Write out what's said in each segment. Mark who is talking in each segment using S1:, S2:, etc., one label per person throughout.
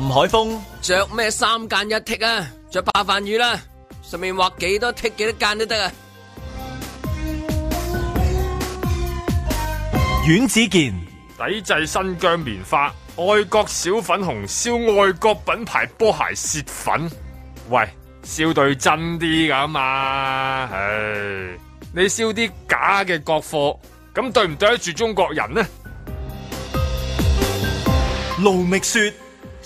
S1: 林海峰着咩三間一剔啊？着白飯魚啦，啊，上面畫幾多剔幾多間都得啊！阮子健
S2: 抵制新疆棉花，愛國小粉紅燒愛國品牌波鞋洩憤。喂，燒對真啲㗎嘛？唉，你燒啲假嘅國貨，咁對唔對得住中國人呢？
S3: 盧覓雪。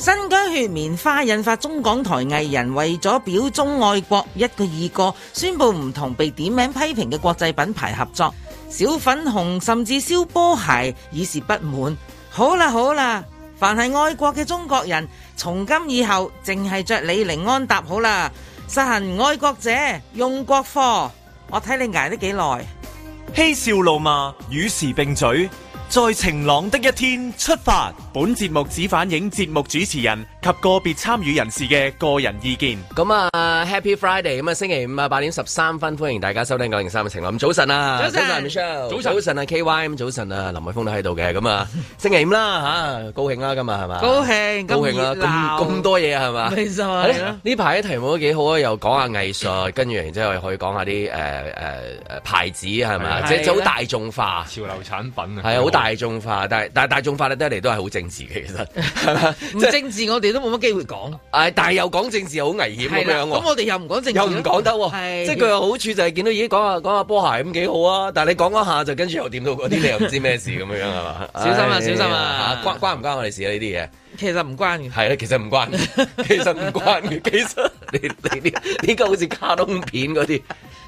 S3: 新疆血棉花引發中港台藝人為咗表忠愛國，一個二個宣布唔同被點名批評嘅國際品牌合作，小粉紅甚至燒波鞋以示不滿。好啦好啦，凡係愛國嘅中國人，從今以後淨係着李寧安踏好啦，實行愛國者用國貨。我
S1: 睇你捱得幾耐？嬉笑怒罵與時並舉，在晴朗的一天出發。.本節目只反映節目主持人及個別參與人士嘅個人意見。咁啊，Happy Friday！咁啊，星期五啊，八點十三分，歡迎大家收聽九零三嘅節目。早晨啊，早晨 Michelle 早晨啊，K.Y，咁早晨啊，林海峰都喺度嘅。咁啊， 星期五啦，吓、啊、高興啦，今日係嘛？高興，高興啊，咁咁多嘢係嘛？冇錯。呢排啲題目都幾好啊，又講下藝術， 跟住然之後可以講下啲誒誒牌子係咪？即係好大眾化，潮流產品啊，係啊，好大眾化，但係但係大眾化得嚟都係好正。政治其實
S3: 係嘛，唔政治我哋都冇乜機會講。
S1: 誒，但係又講政治好危險咁樣。咁我哋
S3: 又唔講政治，又唔講得。喎。即係佢有好
S1: 處就係見到，咦，講下講下波鞋咁幾好啊！但係你講下就跟住又掂到嗰啲，你又唔知咩事咁樣啊嘛！小心啊，小心啊，關關唔關我哋事啊呢啲嘢。其實唔關嘅，係啊，其實唔關嘅，其實唔關嘅，其實你你你呢個好似卡通片嗰啲，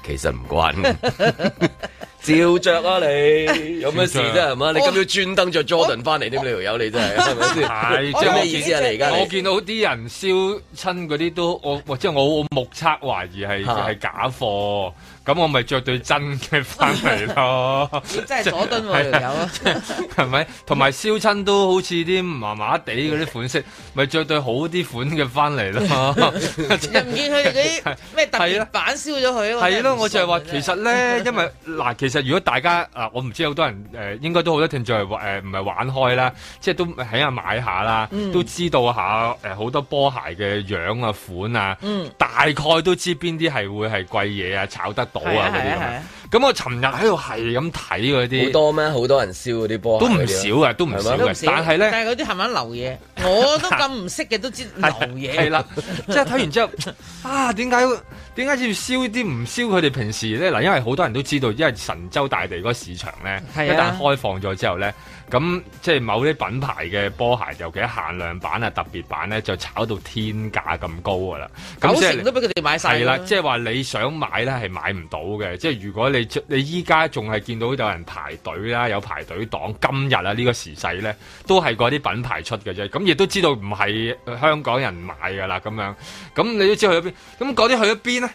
S1: 其實唔關 照着啊你啊有咩事啫係嘛？你今朝專登着 Jordan 翻嚟添，你條友，你，你真係係咪先？係咩意思啊你？你而家我見
S2: 到啲人燒親嗰啲都我即係我我目測懷疑係係、啊、假貨。咁我咪着對真嘅翻嚟咯，即係佐敦喎有友，係 咪？同埋燒親都好似啲麻麻地嗰啲款式，咪 着對好啲款嘅翻嚟咯。唔見
S3: 佢嗰啲咩特別版燒咗佢啊，係咯，我，我就係話其
S2: 實咧， 因為嗱，其實如果大家啊，我唔知有好多人誒、呃，應該都好多聽眾誒唔係玩開啦，即係都喺下買下啦，嗯、都知道下好、呃、多波鞋嘅樣啊款啊，嗯、大概都知邊啲係會係貴嘢啊炒得。啊
S1: 咁、啊啊、我尋日喺度係咁睇嗰啲，好多咩？好多人燒嗰啲波，都唔少啊，都唔少。但係咧，但係嗰啲冚撚流嘢，
S3: 我都咁唔識嘅都知流
S1: 嘢。係啦
S2: 啊，啊啊、 即係睇完之後，啊點解點解要燒啲唔燒佢哋平時咧？嗱，因為好多人都知道，因為神州大地嗰個市場咧，一旦、啊、開放咗之後咧。咁即係某啲品牌嘅波鞋，尤其限量版啊、特別版咧，就炒到天價咁高噶啦，九成都俾佢哋買晒，係啦，即係話你想買咧係買唔到嘅。即係如果你你依家仲係見到有人排隊啦，有排隊檔。今日啊呢個時勢咧，都係嗰啲品牌出嘅啫。咁亦都知道唔係香港人買噶啦咁樣。咁你都知去咗邊？咁嗰啲去咗邊咧？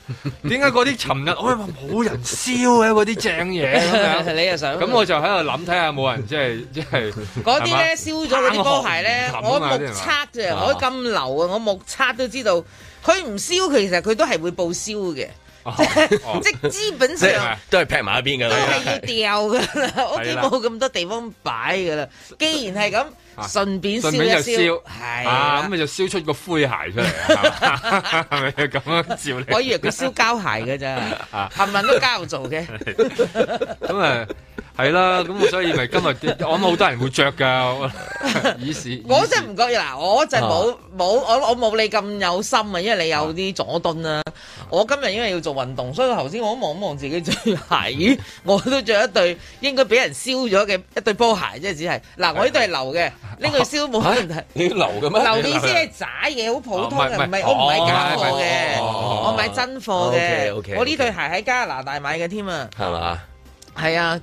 S2: 點解嗰啲尋日我話冇人燒嘅嗰啲正嘢你又想？咁我就喺度諗睇下冇人即係嗰啲咧
S3: 燒咗嗰啲波鞋咧，我目測啫，我咁流啊，我目測都知道，佢唔燒其實佢都係會報燒嘅、啊，即係 即
S1: 係基本上都係劈埋一邊噶啦，都係要
S3: 掉噶啦，屋企冇咁多地方擺噶啦，既然係咁、啊，順便燒一燒，係啊，咁
S1: 咪、啊、就燒出個灰鞋出嚟啊，
S2: 係咪咁樣照咧？我以為佢燒
S3: 膠鞋噶啫，
S2: 冚唪
S3: 唥都膠做嘅。
S2: 咁啊～係 啦，咁所以咪今日我諗好多人會着噶，我真
S3: 唔 覺意。嗱，我就冇冇我我冇你咁有心啊，因為你有啲佐敦啦。我今日因為要做運動，所以頭先我望一望自己着鞋， 我都着一對應該俾人燒咗嘅一對波鞋，即係只係嗱、啊，我呢對係流嘅，呢對燒冇問題。你流㗎嘛？流面先係渣嘢，好普通嘅，唔係我唔係假貨嘅，
S1: 我買真貨嘅。我呢、啊 okay, okay, okay. 對
S3: 鞋喺加拿大買嘅添啊，係嘛？係啊，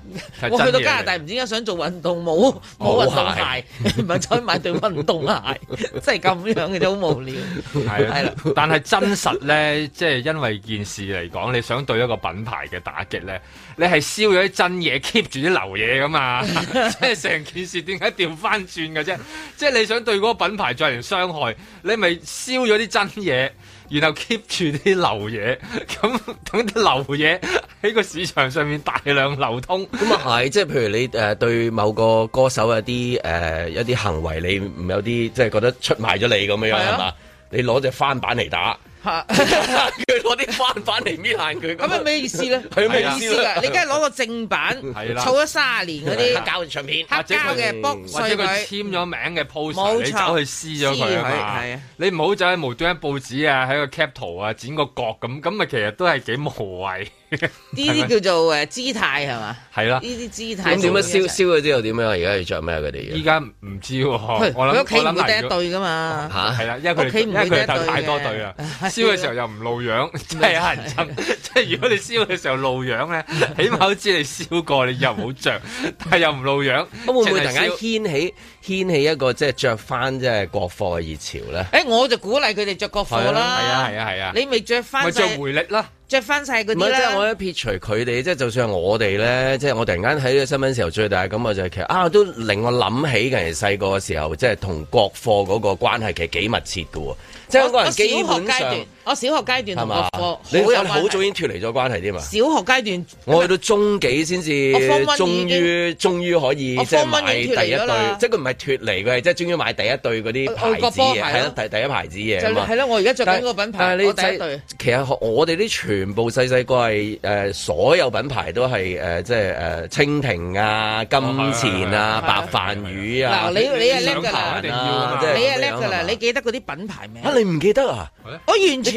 S3: 我去到加拿大，唔知點解想做運動，冇冇運動鞋，唔係再買對運動鞋，即係咁樣嘅啫，好無聊。係啦、啊啊，
S2: 但係真實咧，即 係因為件事嚟講，你想對一個品牌嘅打擊咧，你係燒咗啲真嘢，keep 住啲流嘢噶嘛，即係成件事點解調翻轉嘅啫？即 係你想對嗰個品牌再嚟傷害，你咪燒咗啲真嘢。然後 keep 住啲流嘢，咁等啲流嘢喺個市
S1: 場上面大量流通， 就是。咁啊係，即係譬如你誒對某個歌手有一啲誒、呃、一啲行為你，你唔有啲即係覺得出賣咗你咁樣係嘛？你攞隻翻版嚟打。吓！佢攞啲翻翻嚟搣爛佢咁有咩意思咧？佢咩意思啊？你梗係攞
S3: 個正版，係啦，儲咗卅年嗰啲舊唱片，黑膠嘅，膠嗯、
S4: 或
S2: 者佢簽咗名嘅 poster，你走去撕咗佢啊你唔好走去無端端報紙啊，喺個 cap 圖啊剪個角咁，咁咪其實都係幾無謂。呢啲叫
S3: 做誒姿態係嘛？係啦，呢啲姿態。咁點樣燒
S1: 燒咗之後點樣而家要着咩佢哋啊？依家唔知喎。佢屋企唔得一對
S3: 噶嘛？
S1: 嚇！係啦，因為佢因為佢太多
S2: 對啊。燒嘅時候又唔露樣，真係黑人憎。即係如果你燒嘅時候露樣咧，
S1: 起碼知你燒過，你又冇着， 但係又唔露樣，咁會唔會突然間掀起掀起一個即係着翻即係國貨嘅熱潮咧？
S3: 誒、欸，我就鼓勵佢哋着國貨啦。係啊係啊係啊，啊！你未着翻，咪、就、着、是、回力啦，着翻晒嗰啲咧。唔係即係我一
S1: 撇除佢哋，即係就算係我哋咧，即、就、係、是、我突然間睇呢個新聞時候，最大嘅感覺就係其實啊，都令我諗起其實細個嘅時候，即係同國貨嗰個關係其實幾密切嘅。即係香
S3: 港人基本上。我小學階段同個貨你好有好早已
S1: 經脱離咗關係啲嘛？
S3: 小學階段，我
S1: 去到中幾先至，終於終於可以即係買第一對，即係佢唔係脱離，嘅，即係終於買第一對嗰啲牌子係、啊、第一牌子嘢。係
S3: 我而家着緊個品牌，但你第一對。
S1: 其實我哋啲全部細細個係所有品牌都係誒，即係蜻蜓啊、金錢啊、白飯魚啊。嗱、啊，你你係叻㗎啦，你係叻㗎啦，你
S3: 記得嗰啲品牌
S1: 名？嚇，你唔記得啊？我完全。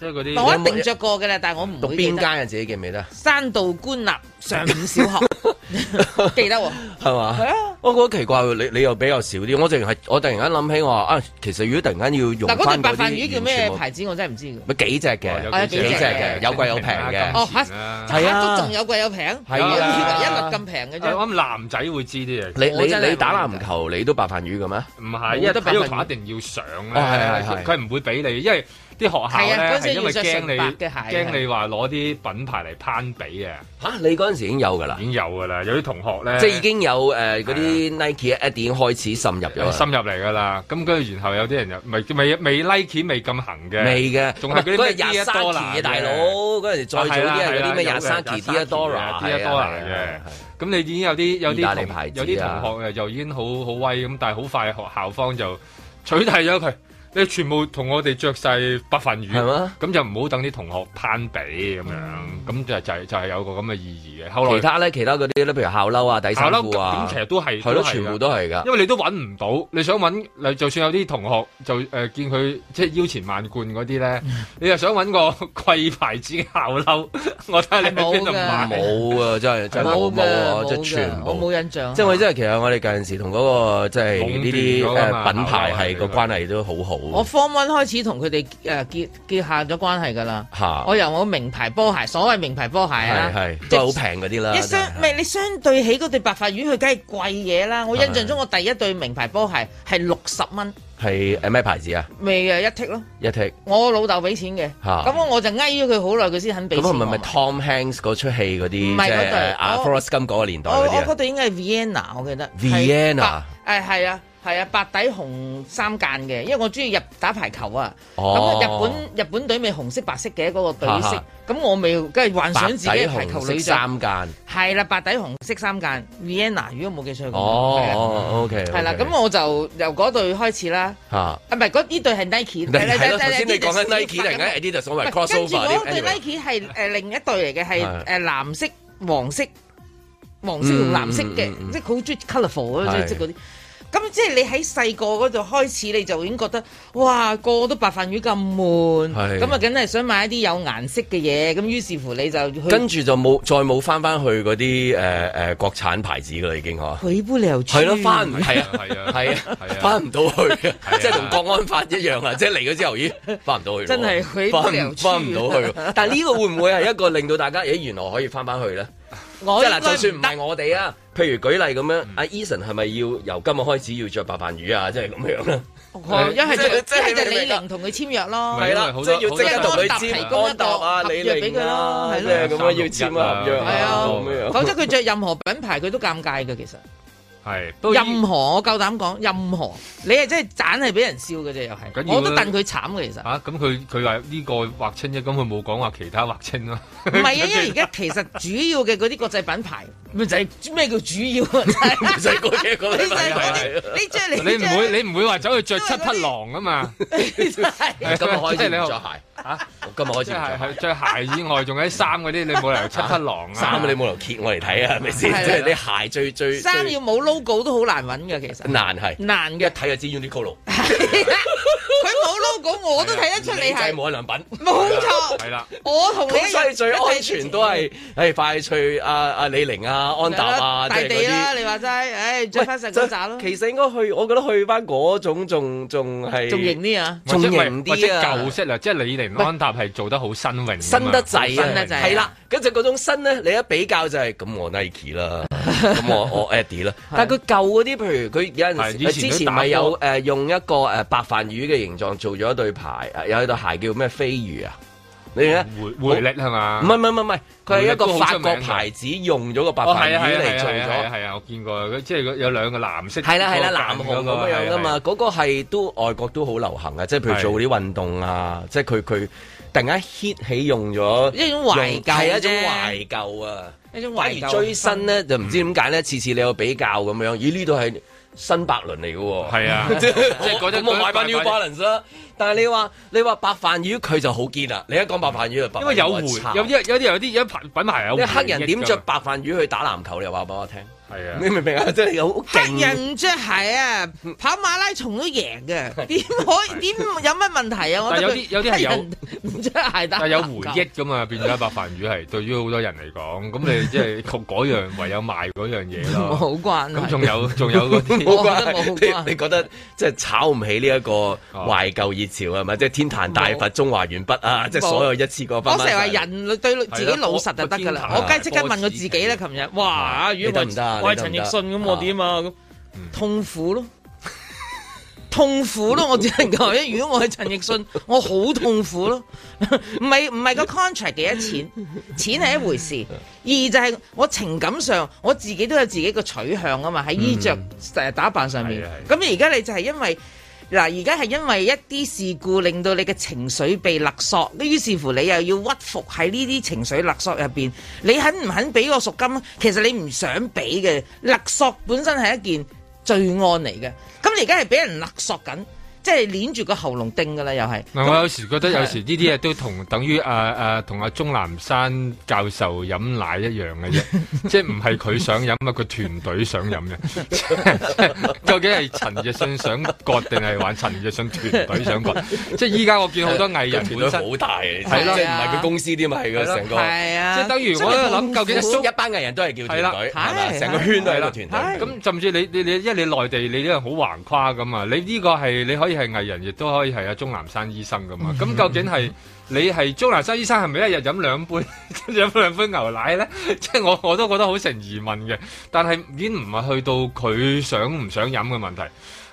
S1: 就是、但我一定着過
S3: 嘅啦，但係我唔讀邊間啊？
S1: 自己記唔記得？
S3: 山道官立上午小學 記得喎、
S1: 哦，係嘛？係啊，我覺得奇怪，你你又比較少啲。我突然我突然間諗起我話啊，其實如果突然間要用，嗱嗰個白飯魚叫咩牌
S3: 子？我真係唔知嘅。
S1: 咪幾隻嘅、哦？有幾隻嘅、啊？有貴有的平嘅、啊啊。哦嚇、啊啊啊嗯，啊，仲
S3: 有貴有平。係，以為一粒咁平嘅啫。我
S1: 諗男仔會知啲嘢。你你你打籃球，你都白飯魚嘅咩？唔係啊，打籃球一
S2: 定要上咧，佢唔、啊啊啊啊、
S1: 會俾你，因
S2: 為。啲學校咧，啊、時因為驚你驚、啊、你話攞啲品牌嚟攀比嘅嚇、啊，你嗰陣時已經有噶啦，已經有噶啦，有啲同學咧，即係已經有誒嗰啲 Nike、啊、Adidas 已經開始滲入咗，滲入嚟噶啦。咁跟住，然後有啲人又未未未 Nike 未咁行嘅，未嘅，仲係嗰啲咩？廿三 K 嘅大佬，嗰陣時再，再早啲係啲咩？廿三 K 啲 Adora，Adora 嘅。咁、啊啊啊啊啊啊、你已經有啲有啲同大牌、啊、有啲同學又已經好好威咁，但係好快學校方就取締咗佢。你全部同我哋着晒白飯魚，咁就唔好等啲同學攀比咁樣，咁就就係
S1: 有個咁嘅意義嘅。其他咧，其他嗰啲呢，譬如校褸啊、底衫褲啊，其實都係，係囉，全部都係㗎。因為
S2: 你都搵唔到，你想搵就算有啲同學就誒、呃、見佢即係腰纏
S1: 萬貫嗰啲咧，
S2: 你又想搵個貴牌子嘅校褸， 我睇下你喺邊度買？冇
S1: 啊，㗎，真係真係冇冇啊！係全部冇印象。即係我即係 其實我哋近陣時同嗰、嗰個即係呢啲品牌係個關係都好好。我
S3: form one 開始同佢哋誒結結下咗關係噶啦我由我名牌波鞋，所謂名牌波鞋啦，即
S1: 係好平嗰啲啦。相咪
S3: 你相對起嗰對白飯魚，佢梗係貴嘢啦。我印象中，我第一對名牌波鞋係六十蚊，
S1: 係誒咩牌子啊？
S3: 未啊，一剔咯，一剔。我老豆俾錢嘅，咁我就呓咗佢好耐，佢先肯俾錢。咁唔係咪
S1: Tom Hanks 嗰齣戲嗰啲，即係啊 Forrest Gump 嗰個年代我我嗰
S3: 對應該係 Vienna，Viena，我記得
S1: Vienna，
S3: 誒係啊。哎係啊，白底紅三間嘅，因為我中意入打排球啊。咁、
S1: oh. 嗯、日本
S3: 日本隊咪紅色白色嘅嗰、那個隊色，咁、oh. 嗯、我咪即幻想自己排球女將。三間係啦，白底紅色三間。啊、Vienna，如果冇記錯哦、oh. 啊、OK, okay.、啊。係、嗯、啦，咁我就由嗰對開始啦。唔、oh. 係、啊，嗰呢對係 Nike 是、啊。係係係。頭、啊啊啊、你講緊 Nike 嚟嘅，Adidas 所謂 crossover 跟住嗰 Nike 係誒 另一對嚟嘅，係誒、啊啊、藍色黃色黃色同、mm, 藍色嘅，mm, mm, mm, 即係好中意 colourful 即啲。咁即係你喺細個嗰度開始，你就已經覺得哇個個都白飯魚咁悶，咁啊梗係想買一啲有顏色嘅嘢。咁於是乎你就去跟
S1: 住就冇再冇翻翻去嗰啲誒誒國產牌子噶啦，已經嚇。佢
S3: 搬嚟又係咯，翻唔係啊，係啊，
S1: 係啊，翻唔到去了，即係同國安法一樣啊！ 即係嚟咗之後已經翻唔到去了，真係佢翻唔到去了。但係呢個會唔會係一個令到大家咦原來可以翻翻去咧？即係嗱，就算唔係我哋啊。譬如舉例咁樣，阿、啊、Eason 係咪要由今日開始要着白飯魚啊？即係咁樣因一係一係李
S3: 寧同佢簽約咯，
S1: 係啦，即係安踏提供一個合約俾佢啦，係咯，咁樣，就是、要簽合約，
S2: 係啊，否則佢着任
S3: 何品牌佢都尷尬噶，其實
S2: 係，任
S3: 何我夠膽講，任何你係真係盞係俾人笑噶啫，又係，我都戥佢慘噶，其實。啊，
S2: 咁佢佢話呢個劃清啫咁，佢冇講話其他劃清咯。唔
S3: 係啊，因為而家其實主要嘅嗰啲國際品牌。 咪就咩叫主要啊、
S2: 就
S1: 是！ 你
S3: 着你着你唔會
S2: 你唔會話走去着七匹狼啊嘛、
S3: 那個 你！今日開始你着鞋啊！今
S2: 日開始唔着鞋，啊、鞋，鞋，鞋以外，仲有啲衫嗰啲你冇理由七匹
S1: 狼啊！衫、啊啊、你冇理由揭我嚟睇啊？係咪先？即係啲鞋最最衫要
S3: 冇 logo 都好難揾噶，其實
S1: 難係難嘅，睇下知 uniqlo。 是的笑
S3: 咁我都睇得出你係冇
S1: 良品，冇錯，係啦。 我同你，所以最安全都係誒、哎、快脆啊啊李寧啊安踏啊，大地啦、就是、
S3: 你話齋，誒著翻成身其實應
S1: 該去，我覺得去翻嗰種仲仲係仲型啲啊，仲型啲啊。或者或者舊式啊，即係李寧、安踏係做得好新穎，新得滯啊，係啦。跟住嗰種新咧，你一比較就係、係、咁我 Nike 啦，咁我我 Adi 啦。 但係佢舊嗰啲，譬如佢有陣時之前咪有誒、呃、用一個誒白飯魚嘅形狀做咗一對牌，有一對鞋叫咩飛魚啊？你咧？回回力係嘛？唔係唔係唔係，佢係一個法國牌子，用咗個白飯魚嚟、哦、做咗。係啊我見過，即係有兩個藍色個，係啦係啦，藍紅咁樣噶嘛。嗰、嗰個係都外國都好流行啊，即係譬如做啲運動啊，即係佢佢。突然間 hit 起用咗，一種懷舊係、啊、一種懷舊啊！一種懷舊追新咧就唔知點解咧，次次你有比較咁樣，咦？呢度係新百倫嚟嘅喎，係啊， 即係即係嗰 我買翻 New Balance 啦。但係你話你話白飯魚佢就好堅啦，你一講白飯魚啊，因為有回有啲有啲有啲品品牌有回嘅，你黑人點着白飯魚去打籃球你話俾我聽？係啊，你明唔明啊？真係好勁，黑人
S3: 唔着鞋啊，跑馬拉松都贏嘅，點 可以點有乜問題啊？我覺得黑人唔着鞋 但係有，有，有回憶
S2: 咁啊，變咗白飯魚係 對於好多人嚟講，
S1: 咁你即係焗嗰樣，唯有賣嗰樣嘢咯，啊，好 關係。咁仲有仲 有啲那 沒關 你，你覺得即係 炒唔起呢一個懷舊熱潮係咪？即係天壇大佛、中華園筆啊！即係所有一次過。我成日話人
S3: 對自己老實就得噶啦，我梗係即刻問我自己啦。琴日哇，得唔得？我係陳奕迅咁，我點啊咁痛苦咯，痛苦咯！我只能講一，如果我係陳奕迅，我好痛苦咯。唔係唔係個 contract 幾多錢，錢係一回事。二就係我情感上，我自己都有自己個取向啊嘛。喺衣着、成日打扮上面，咁而家你就係因為。嗱，而家係因為一啲事故令到你嘅情緒被勒索，於是乎你又要屈服喺呢啲情緒勒索入邊，你肯唔肯俾個贖金？其實你唔想俾嘅，勒索本身係一件罪案嚟嘅。咁你而家係俾人勒索緊。即係捏住個喉嚨叮噶啦、嗯，又係。我
S2: 有時覺得有時呢啲嘢，都同等於誒誒，同阿鍾南山教授飲奶一樣嘅啫， 即係唔係佢想飲啊，佢團隊想飲嘅。究竟係陳奕迅想割定係玩陳奕迅團隊想割？即係依家我見好多藝人團隊好大嘅，係啦，即唔係佢公司啲嘛，係咯，成個，即係等於我諗，究竟
S1: 一班藝人都係叫團隊係咪？成個
S2: 圈都係個團體。咁甚至你你你，因為你內地你呢個好橫跨噶嘛？你呢個係你可以。啲係藝人，亦都可以係阿鍾南山醫生噶嘛？咁 究竟係你係鍾南山醫生，係咪一日飲兩杯飲兩 杯牛奶咧？即 係我我都覺得好成疑問嘅。但係已經唔係去到佢想唔想飲嘅問題，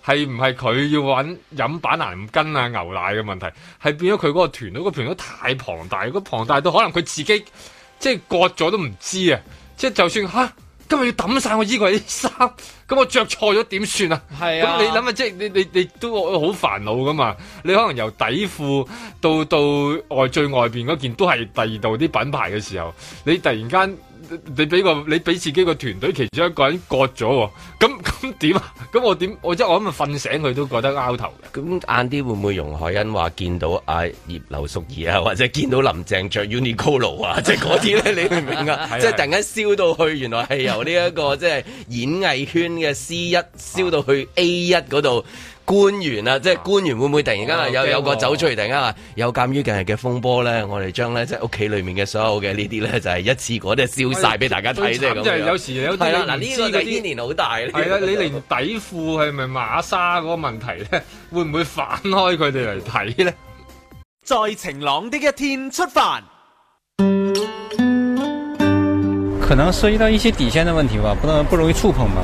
S2: 係唔係佢要揾飲板藍根啊牛奶嘅問題？係變咗佢嗰個團，嗰個團都太龐大，個龐大到可能佢自己即係割咗都唔知啊！即係就算吓。今日要抌晒我衣櫃啲衫，咁我着錯咗點算啊？係啊。咁你諗下，即係你你你，你都好煩惱噶嘛？你可能由底褲到到外最外面嗰件都係第二度啲品牌嘅時候，你突然間。你俾個你俾自己個團隊其中一個人割咗喎，咁咁點啊？咁
S1: 我點？我即係我咁咪瞓醒佢都覺得拗頭。咁晏啲會唔會容海恩話見到阿葉劉淑儀啊，或者見到林鄭着 Uniqlo 啊，即係嗰啲咧？你明唔明啊？即 係突然間燒到去，原來係由呢一個即係演藝圈嘅 C 一燒到去 A 一嗰度。 官員啊，即係官員會唔會突然間啊有有個走出嚟，突然間啊有鑑於近日嘅風波咧，我哋將咧即係屋企裡面嘅所有嘅呢啲咧就係一次過都燒晒俾大家睇咧咁樣。係有啦，嗱、啊、呢、這個嘅年好大。係、啊、啦、啊，你連
S2: 底褲係咪馬莎嗰個問題咧，會唔會反開佢哋嚟睇咧？再晴朗啲嘅天出發。可能涉及到一些底線嘅問題吧，不能不容易觸碰吧。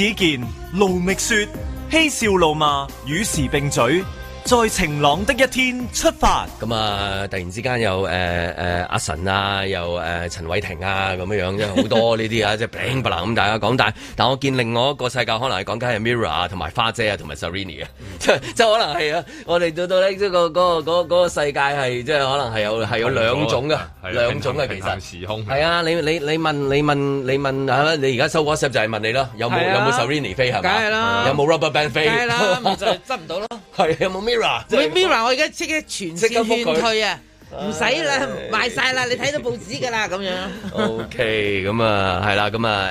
S1: 子健盧覓雪，嬉笑怒罵與時並嘴。在晴朗的一天出發。咁啊，突然之間有誒誒阿神啊，又誒、呃、陳偉霆啊，咁樣樣即係好多呢啲啊，即係乒唪啷咁大家講大。但我見另外一個世界可能係講緊係 Mirror 啊，同埋花姐啊，同埋 Sarini 啊，即 即可能係啊。我哋到到咧、嗰個，即、嗰個、嗰個世界係即係可能係有係有兩種嘅兩種嘅其實時空。係啊，你你你問你問你問、啊、你而家收 WhatsApp 就係問你咯，有冇有冇 Sarini 飛係嘛？梗係啦，有冇、嗯、Rubber Band 飛？梗係啦，唔就執唔到咯。係 有冇 Mirror？
S3: Mira 我而家即刻全線撤退啊！唔使啦，賣晒啦，你睇到報紙㗎啦咁樣。O
S1: K，咁啊，係啦，咁啊，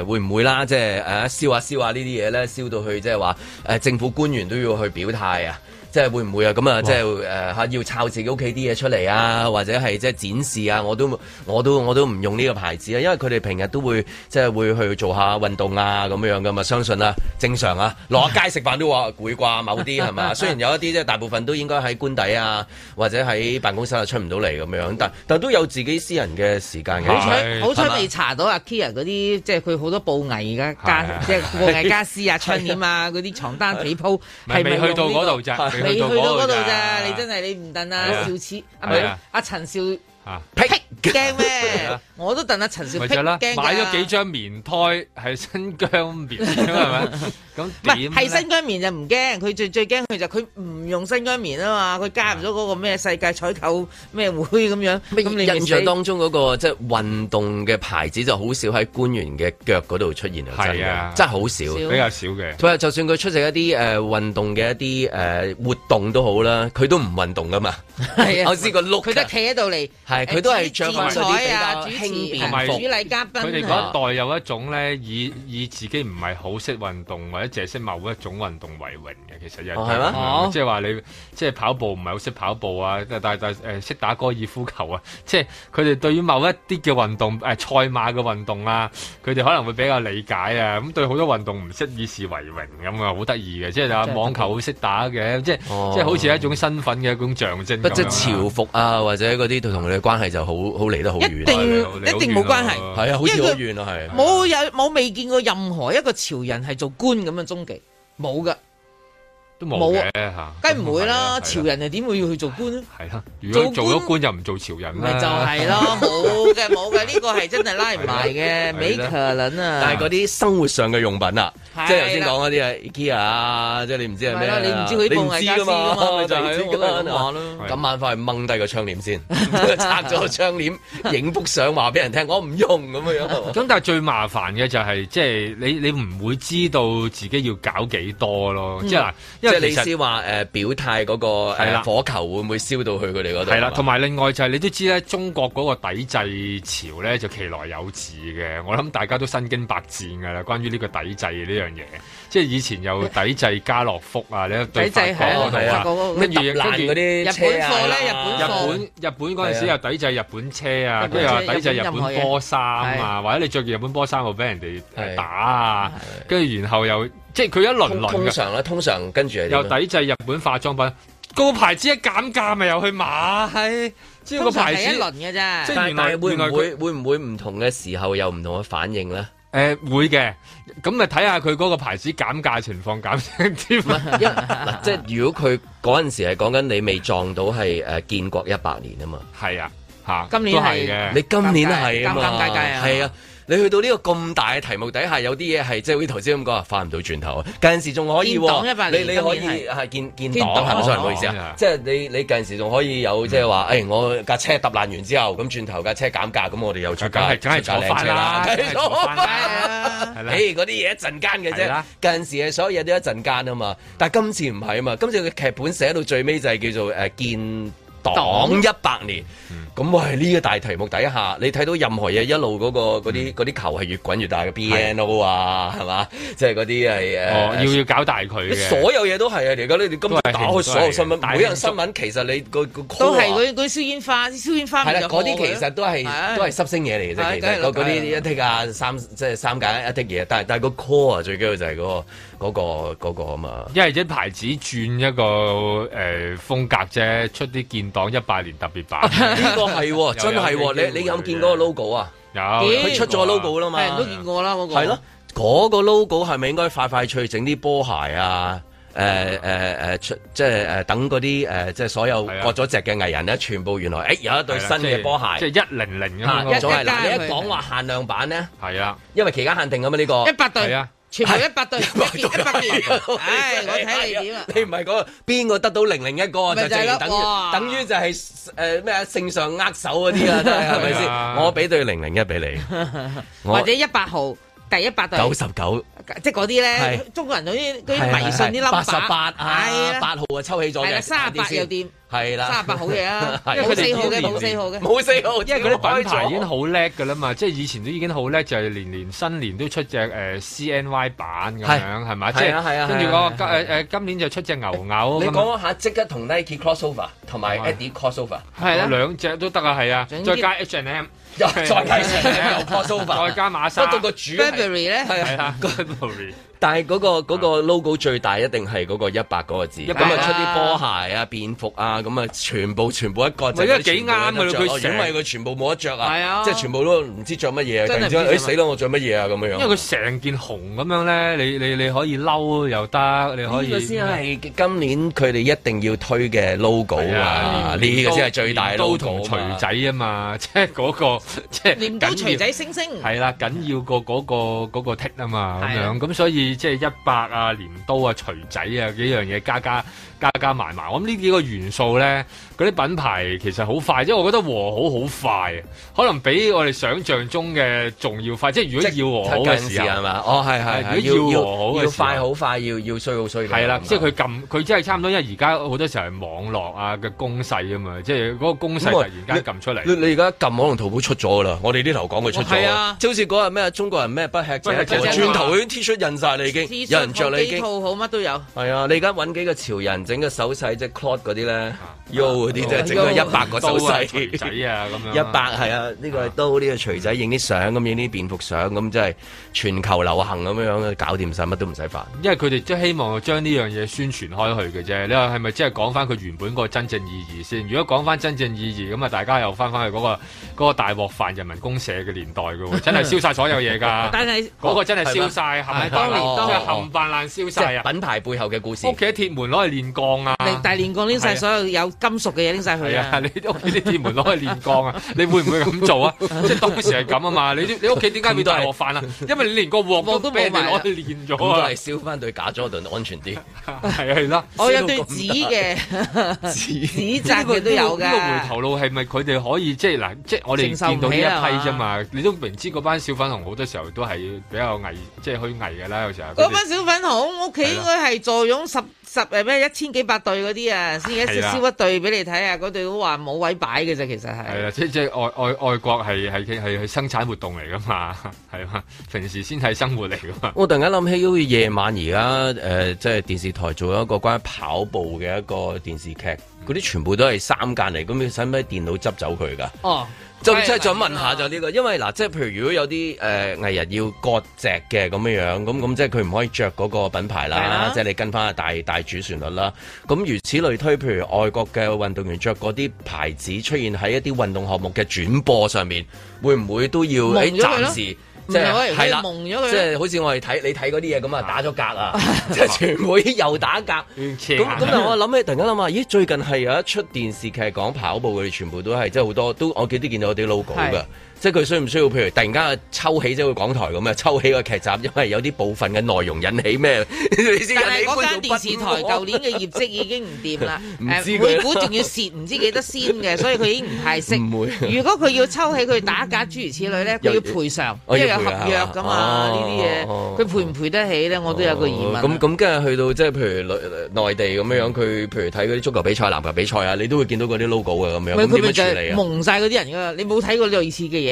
S1: 誒，會唔會啦？即係誒，燒下燒下呢啲嘢咧，燒到去即係話，誒、啊，政府官員都要去表態啊！即係會唔會啊？咁啊，即係誒嚇要抄自己屋企啲嘢出嚟啊，或者係即係展示啊？我都我都我都唔用呢個牌子啊，因為佢哋平日都會即係會去做下運動啊咁樣樣噶嘛，相信啊正常啊，落街食飯都話會啩，某啲係嘛？雖然有一啲即係大部分都應該喺官邸啊，或者喺辦公室呀出唔到嚟咁樣，但但都有自己私人嘅時間嘅。好彩好彩未
S3: 查到啊！Kia 嗰啲即係佢好多布藝嘅家即係布藝傢俬啊、窗簾啊、嗰啲床單被鋪係未去到嗰度？你去到嗰度咋？你真係你唔等啊！啊笑痴，唔係、啊，陳、啊、少、啊啊
S1: 啊、笑
S2: 劈。啊驚咩、啊？
S3: 我都戥阿陳少碧、啊啊就是啊、買咗幾
S2: 張棉胎係新疆棉，係咪？咁 唔係，係，新
S3: 疆棉就唔驚。佢最最驚佢就佢唔用新疆棉啊嘛。佢加入咗嗰個咩世界採購咩會咁樣。咁、啊、你印象當
S1: 中嗰、那個即係運動嘅牌子，就好少喺官員嘅腳嗰度出現啊？係啊，真係好少，比較少嘅。佢就算佢出席一啲誒、呃、運動嘅一啲、呃、活動都好啦，佢都唔運動噶嘛。
S3: 啊、 我試過碌，佢都企喺度嚟，佢都
S1: 之外啊，同埋主禮嘉賓，佢哋嗰一代有一種咧，以、嗯、以自
S2: 己唔係好識運動或者淨係識某一種運動為榮嘅。其實又係、哦嗯哦，即係話你，即係跑步唔係好識跑步啊，但但誒識打高爾夫球啊，即係佢哋對於某一啲嘅運動誒賽馬嘅運動啊，佢哋可能會比較理解啊。咁對好多運動唔識以事為榮咁啊，好得意嘅。即係話網球好識打嘅，哦，即係即係好似
S1: 一種身份嘅一種象徵，不即潮服啊，或者啲同佢哋嘅關係就好。好離得好遠，一定一定冇關係，係啊，好遠啊，係。冇
S3: 有冇未見過任何一個潮人係做官咁嘅蹤跡，冇噶。冇嘅嚇，梗唔會啦！潮人係點會要去做官呢？係啦，如果做咗
S2: 官又唔做潮人咪、啊啊、就係、是、咯，
S3: 冇嘅冇嘅，呢、這個係真係拉唔埋嘅冇可
S1: 能啊！但係嗰啲生活上嘅用品啊，即係頭先講嗰啲啊，IKEA 啊，即係你唔知係咩？你唔知佢就係咁樣咯。咁晚翻去掹低個窗簾先， 拆咗個窗簾影幅相話俾人聽，我唔用咁嘅樣。咁 但係最麻煩嘅就係、是、即係你你
S2: 唔會知道自己要搞幾多咯？嗯、即係嗱，即係你意思話誒表態
S1: 嗰個誒火球會唔會燒到去佢哋嗰度？係啦，同
S2: 埋另外就係你都知咧，中國嗰個抵制潮咧就其來有自嘅。我諗大家都身經百戰㗎啦，關於呢個抵制呢樣嘢。即係以前又抵制家樂福啊！你一對法國嗰度啊，跟住跟啲日本貨咧，日本日本、啊、日本嗰陣時又抵制日本車啊，跟住話抵制日本波衫啊，啊或者你着住日本波衫會俾人哋打啊，跟住、啊啊啊啊啊、然，然後又即係佢一輪輪㗎，通常咧通常跟住又抵制日本化妝品，
S1: 個牌子一減價咪又去買，即係個牌子係一輪
S3: 嘅啫。即係原
S1: 來會唔會唔會唔同嘅時候有唔同嘅反應咧？誒、嗯，會嘅，咁
S2: 咪睇下佢嗰個牌子減價情況減先。嗱，即
S1: 係如果佢嗰陣時係講緊你未撞到係誒建國一百年啊嘛，係啊，吓、啊、今年係嘅你今年都係啊嘛，係啊。你去到呢個咁大嘅題目底下，有啲嘢係即係好似頭先咁講，翻唔到轉頭啊！有陣時仲可以喎，你你可以係見見到，唔該唔好意思啊！嗯、即係你你有陣時仲可以有即係話，誒、嗯哎、我架車揼爛完之後，咁轉頭架車減價，咁我哋又出街。真係真係架靚車，啦！嗰啲嘢一陣間嘅啫，近陣時係所有嘢都一陣間啊嘛，但係今次唔係啊嘛，今次嘅劇本寫到最尾就係叫做誒、啊、見。黨一百年，咁我喺呢個大題目底下，你睇到任何嘢一路嗰、那個嗰啲嗰啲球係越滾越大嘅、嗯、B N O 啊，係嘛？即係嗰啲係誒，要、哦呃、要搞大佢所有嘢都係啊，你今日打開所有新聞，每樣新聞其實你個個 call 都係嗰啲
S3: 嗰啲燒煙花，燒煙花嗰啲其實都係、啊、都係
S1: 濕星嘢嚟嘅啫。嗰嗰啲一 tick 啊，三即係、就是、三揀一 tick 嘢，但係但係個 call 啊，最緊要就係、那個。嗰、那個嗰、那個啊嘛，因為啲牌子轉一個
S2: 誒、呃、風格啫，出啲建黨一百年特別版。呢
S1: 個係、啊、真係、啊、 你你有冇見嗰個 logo 啊？有，佢出咗 logo 啦嘛，都見過啦，嗰、那個係咯。嗰、啊那個 logo 係咪應該快快脆整啲波鞋啊？誒誒、啊啊啊、出即係等嗰啲誒，即係所有割咗席嘅藝人咧，全部原來誒、欸、有一對新嘅波鞋，即係、啊就是啊、一零零一你一講話限量版咧，係啊，因為期間限定咁嘛，呢、這個一百對啊。全部一百對，一百對，一百對。唉，我睇你點啊？你唔係講邊個得到零零一個，就即係等於，等於就係誒咩啊？聖上握手嗰啲啊，真係係咪先？ 我俾對零零一俾你， 或者
S3: 一百號。第一百就九十
S1: 九，
S3: 即係嗰啲咧，中國人好似嗰啲迷信啲粒，八十八啊，八號啊抽起咗，係啦，三十八有啲，
S1: 係啦，三十八好嘢啊，冇四號嘅，冇四號，
S2: 因為嗰啲品牌已經好叻噶啦嘛，即係以前都已經好叻，就係年年新年都出隻誒 CNY 版咁樣，係咪，即係跟住嗰個誒誒今年就出隻牛牛，你講
S1: 下即刻同 Nike crossover 同埋 Adi crossover，係啦，兩
S2: 隻都得啊，係
S1: 啊，再加 H and M。 再
S2: 加，又波蘇凡，再加馬莎。我 Burberry 咧係啊
S1: Burberry 但係嗰、嗰個嗰個 logo 最大一定係嗰個一百嗰個字。咁啊出啲波鞋啊、蝙蝠啊，咁啊全部全部一個是。字。係因為幾啱嘅，佢小米佢全部冇得着啊。係啊，即係全部都唔知着乜嘢，突然之間死啦！我着乜嘢啊？咁樣因為佢成件紅咁
S2: 樣咧，你你你可以嬲又得，你可以。呢個先
S1: 係今年佢哋一定要推嘅 logo 啊！呢個先係最大 logo 同錘仔
S2: 啊嘛，即係嗰 即係鐮刀、錘仔、星星，係啦，緊要過、嗰個嗰個嗰個剔啊嘛，咁樣咁，所以即係一百啊、鐮刀啊、錘仔啊，幾樣嘢加加加加埋埋，我諗呢幾個元素咧，嗰啲品牌其實好快，即係我覺得和好好快，可能比我哋想象中嘅仲要快。即係如果要和好嘅時間係嘛？哦，係係，如果要，要和好要快好快，要要衰好衰。係啦，即係佢撳，佢、嗯、即係差唔多，因為而家好多時候係網絡啊嘅攻勢啊嘛，即係嗰個攻勢突然間撳出嚟。你
S1: 而家撳可能淘寶出咗啦！我哋呢頭講佢出咗。即就好似嗰日咩中國人咩不吃。轉頭 T 恤印晒你已經，有人着你已經套好乜都有。係啊，你而家搵幾個潮人整個手勢即係 CLOT 嗰啲咧，嗰啲即係整個一百個手勢、啊、仔啊咁樣。一百係啊，呢、啊呢個係刀呢、呢個錘仔影啲相咁影啲蝙蝠相咁，即、嗯、係、嗯、全球流行咁樣樣，搞掂晒乜都唔使煩。
S2: 因為佢哋即係希望將呢樣嘢宣傳開去嘅啫。你話係咪即係講翻佢原本個真正意義先？如果講翻真正意義咁啊，咁大家又翻翻去嗰、嗰個、嗰個大王國範人民公社嘅年代嘅，真係燒晒所有嘢噶。 但係嗰、那個真係燒晒，係咪？當年真係冚唪唥燒晒啊！哎哦哦、品牌背後嘅故事，屋企鐵門攞去練鋼啊！大練
S3: 鋼拎晒所有有金屬嘅嘢拎晒去。係啊， 啊，啊，
S2: 你屋企啲鐵門攞去練鋼啊？ 你會唔會咁做
S1: 啊？ 即係當時係咁啊嘛？你你屋企點解會到係國範啊？因為你連個鑊鍋都攞嚟練咗啊！都係燒翻對假 Jordan 安全啲，係係啦。我有對
S3: 紙嘅，紙紮嘅都有噶。呢、那個回
S2: 頭路係咪佢哋可以即係嗱？即係我哋到呢一批啫嘛，你都明知嗰班小粉紅好多時候都係比較危，即係虛偽噶啦，有時候。嗰班小
S3: 粉紅屋企應該係坐擁十十誒咩一千幾百對嗰啲啊，先一燒少一對俾你睇啊，嗰對，那個，都話冇位擺嘅啫，其實係。係
S2: 啊，即即係外外外國係係係生產活動嚟噶嘛，係嘛，平時先係生活嚟噶
S1: 嘛。我突然間諗起，因為夜晚而家誒、即、呃、係、就是、電視台做一個關於跑步嘅一個電視劇。嗰啲全部都係三間嚟，咁你使唔使電腦執走佢噶？哦，就即係想問下就、這、呢個，因為嗱，即係譬如如果有啲誒、呃、藝人要割蓆嘅咁樣樣，咁咁即係佢唔可以着嗰個品牌啦，即係你跟翻啊大大主旋律啦。咁如此類推，譬如外國嘅運動員着嗰啲牌子出現喺一啲運動項目嘅轉播上面，會唔會都要喺、哎、暫時？即係，係啦，蒙咗佢，即係好似我哋睇你睇嗰啲嘢咁啊，打咗格啊，即 係全部又打格。咁 咁，我諗起，突然間諗下，咦？最近係有一出電視劇講跑步嘅，全部都係，即係好多都，我記得見到我哋 logo 㗎。即係佢需唔需要，譬如突然間抽起即係個港台咁啊？抽起個劇集，因為有啲部分嘅內容引起咩？但係
S3: 嗰間電視台舊年嘅業績已經唔掂啦，每股仲要蝕唔知幾多先嘅，所以佢已經唔派息。啊、如果佢要抽起佢打假諸如此類咧，佢要賠償，因為有合約噶嘛呢啲嘢，佢賠唔賠得起咧？我都有個疑問。咁
S1: 咁，跟住去到即係譬如內地咁樣樣，佢譬如睇嗰啲足球比賽、籃球比賽啊，你都會見到嗰啲 logo 嘅咁樣，點樣處理啊？蒙
S3: 晒嗰啲人㗎，你冇睇過類似嘅嘢。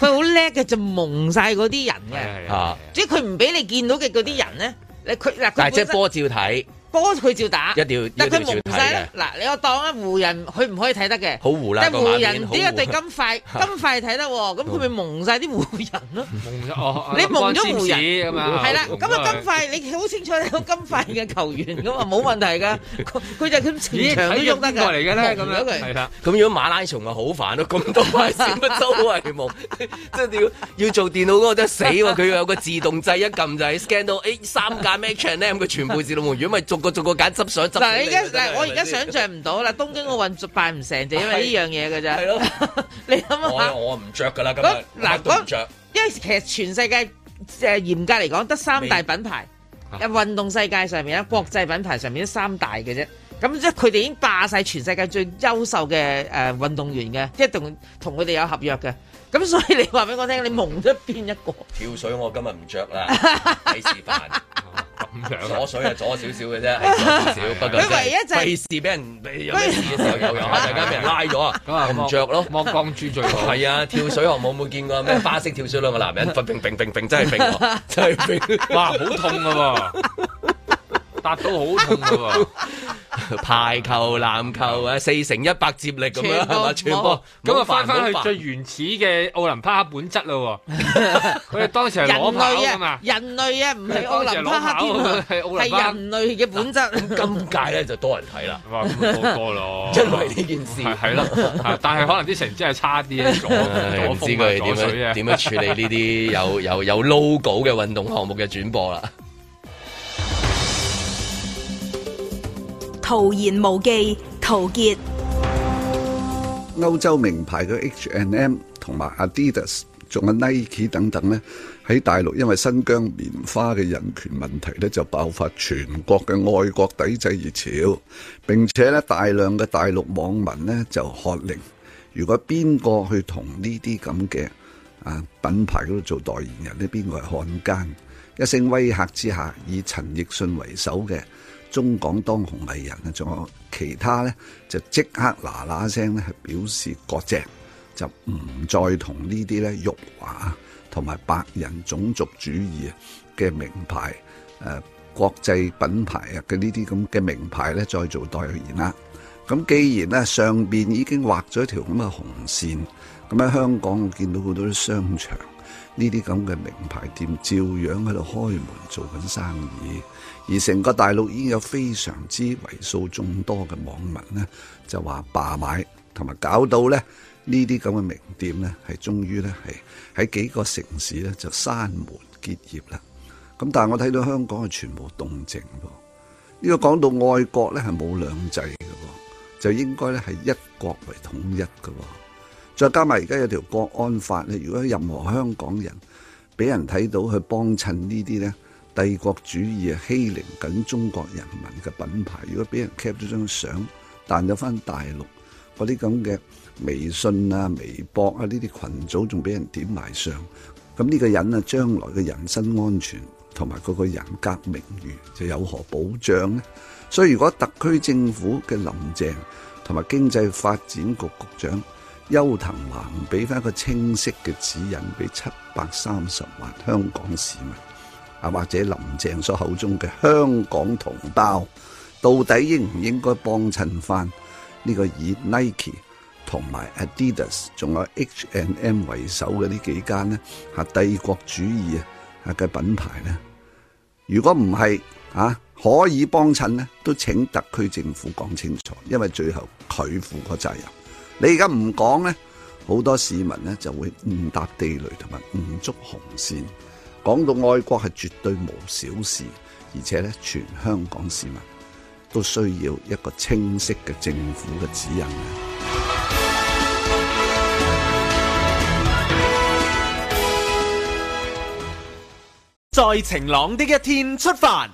S3: 佢好叻嘅，就蒙晒嗰啲人
S1: 嘅，
S3: 即係佢唔俾你見到嘅嗰啲人咧，你佢嗱佢。但係即係波照睇。波佢照打，一定要。要定要但佢蒙晒，呢嗱，你我當啊，湖人佢唔可以睇得嘅。好湖啦，湖人那個湖人點個地金塊，金塊睇得喎。咁佢咪蒙晒啲湖人咯？蒙、
S2: 啊、你蒙咗湖人係啦。咁
S3: 啊金塊，你好清楚你有金塊嘅球員咁嘛，冇問題噶。佢就咁現場都用得過嚟㗎咁樣嘅。係
S1: 啦，咁、 嗯、如果馬拉松啊，好煩咯。咁多啊，整周圍都係蒙，即係要要做電腦嗰個真係死喎。佢、啊、要有個自動掣一撳就係 scan 到、欸、三架 match 咧， 咁佢全部自動如果我做個揀執水執。嗱，依家嗱，我而家想象
S3: 唔到啦。東京奧運辦唔成就因為呢樣嘢嘅啫。
S1: 係咯，你諗下。我我唔著噶啦。嗱，嗰
S3: 因為其實全世界誒嚴格嚟講得三大品牌。啊，運動世界上面咧，國際品牌上面都三大嘅啫。咁即係佢哋已經霸曬全世界最優秀嘅誒運動員嘅，即係同同佢哋有合約嘅。
S1: 咁所以你話俾我聽，你夢得邊一個？跳水我今日唔著啦，睇示範。左水啊，咗少少嘅啫，少。 是啊、不過、就是，佢唯一就費時事俾人，有咩事嘅時候有用，大家俾人拉咗啊！咁啊，唔着咯，剝光豬最好。係啊，跳水項目冇見過咩花式跳水，兩個男人，平平平平平真係平，真係平，哇！好痛啊，達到好痛嘅排球、籃球啊，四乘一百接力咁樣係嘛？傳播咁啊，翻翻去最原始嘅奧林匹克本質咯。
S3: 佢 哋當時係攞跑㗎嘛？人類啊，唔係、啊、奧林匹克添，係、啊、人類嘅本質。今屆咧就多人睇啦，
S2: 話
S1: 唔錯咯。 因為呢件事係咯， 但係可能啲成績係差啲我唔知佢哋點樣點 樣處理呢啲有有有 logo 嘅運動項目嘅轉播啦。
S3: 陶言無忌，
S1: 陶
S4: 傑。歐洲名牌嘅 H and M 同埋 Adidas 仲有 Nike 等等呢喺大陸因為新疆棉花嘅人權問題咧，就爆發全國嘅愛國抵制熱潮，並且咧大量嘅大陸網民呢就喝令：如果邊個去同呢啲咁嘅啊品牌嗰度做代言人，呢邊個係漢奸！一聲威嚇之下，以陳奕迅為首嘅。中港當紅藝人啊，仲有其他咧，就即刻嗱嗱聲咧，係表示割席，就唔再同呢啲咧辱華同埋白人種族主義嘅名牌，誒國際品牌啊嘅呢啲咁嘅名牌咧，再做代言啦。咁既然咧上邊已經畫咗一條咁嘅紅線，咁喺香港我見到好多啲商場呢啲咁嘅名牌店，照樣喺度開門做緊生意。而成個大陸已經有非常之為數眾多嘅網民呢就話罷買，同埋搞到咧呢啲咁嘅名店呢係終於呢係喺幾個城市呢就閂門結業啦。咁但係我睇到香港係全無動靜噃。呢、呢個講到愛國咧係冇兩制嘅喎，就應該咧係一國為統一嘅喎。再加埋而家有條國安法，呢如果任何香港人俾人睇到去幫襯呢啲呢。帝國主義欺凌緊中國人民嘅品牌，如果俾人 cap 咗張相，但有翻大陸嗰啲咁嘅微信啊、微博啊呢啲群組，仲俾人點埋相，咁呢個人啊，將來嘅人身安全同埋佢個人格名譽就有何保障呢？所以如果特區政府嘅林鄭同埋經濟發展局局長邱騰華唔俾翻一個清晰嘅指引，俾七百三十萬香港市民。啊，或者林鄭所口中嘅香港同胞，到底應唔應該幫襯返呢個以 Nike 同埋 Adidas 仲有 H and M 為首嘅呢幾間呢？係帝國主義啊嘅品牌呢？如果唔係啊，可以幫襯呢？都請特區政府講清楚，因為最後佢負個責任。你而家唔講呢，好多市民呢就會誤踏地雷同埋誤觸紅線。講到愛國係絕對無小事，而且咧，全香港市民都需要一個清晰嘅政府嘅指引。
S5: 在晴朗的一天出發，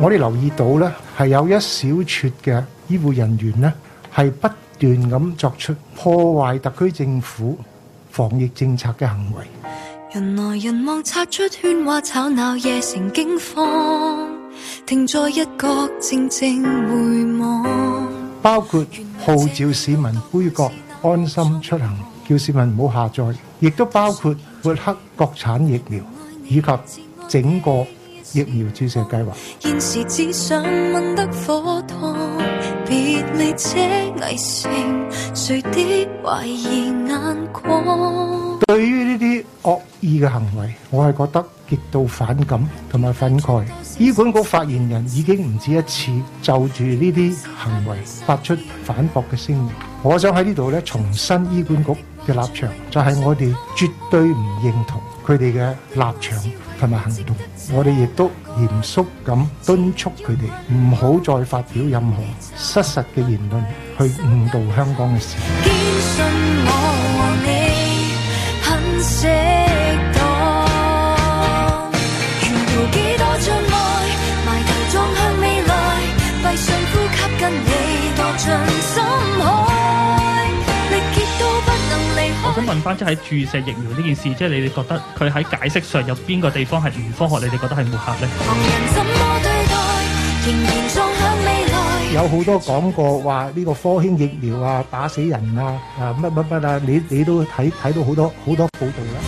S5: 我哋留意到呢係有一小撮嘅醫護人員，呢係不斷咁作出破壞特區政府。防疫政策嘅行
S2: 為，人來人往擦出喧嘩吵鬧，夜城驚慌。
S5: 停在一角靜靜回望，包括號召市民杯葛安心出行，叫市民唔好下載，亦都包括抹黑國產疫苗以及整個疫苗注射計劃。疑眼光，對於呢啲惡意嘅行為，我係覺得極度反感同埋憤慨。醫管局發言人已經唔止一次就住呢啲行為發出反駁嘅聲明。我想喺呢度咧，重申醫管局嘅立場就係我哋絕對唔認同佢哋嘅立場同埋行動，我哋亦都嚴肅咁敦促佢哋唔好再發表任何失實嘅言論，去誤導香港嘅事。埋
S1: 頭
S2: 問翻即係注射疫苗呢件事，即係你哋覺得佢喺解釋上有邊個地方係唔科學？你哋覺得係抹黑咧？
S5: 有好多講過話呢個科興疫苗啊，打死人啊，啊乜乜乜啊，你你都睇睇到好多好多報導啦。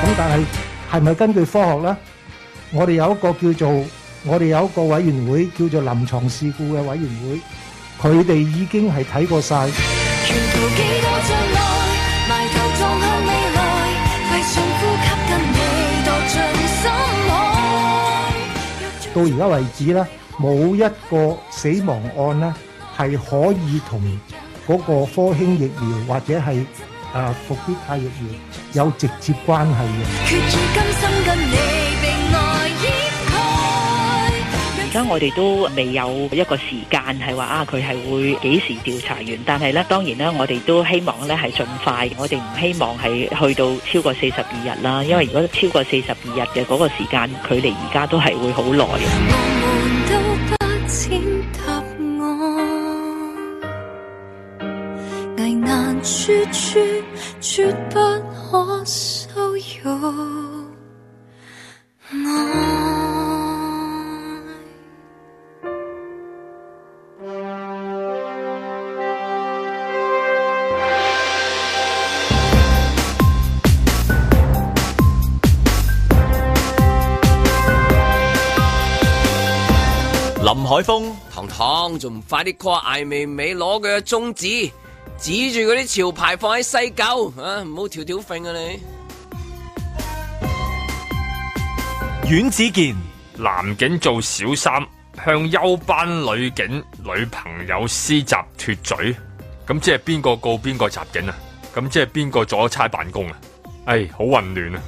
S5: 咁但係係咪根據科學咧？我哋有一個叫做。我哋有一個委員會叫做臨床事故嘅委員會，佢哋已經係睇過晒。到而家為止咧，冇一個死亡案咧係可以同嗰個科興疫苗或者係啊復必泰疫苗有直接關係嘅。
S3: 而家我哋都未有一個時間係話啊，佢係會幾時調查完？但係呢，當然咧，我哋都希望呢係盡快。我哋唔希望係去到超過四十二日啦，因為如果超過四十二日嘅嗰個時間，佢哋而家都係會好耐。
S1: 海峰，堂堂，仲唔快啲 call 艾美美攞佢嘅宗旨，指住嗰啲潮牌放喺西九啊！唔好條條揈啊你。
S2: 阮子健，男警做小三，向休班女警女朋友施襲脫嘴，咁即係邊個告邊個襲警啊？咁即係邊個阻差辦公啊？唉、哎，好混亂啊！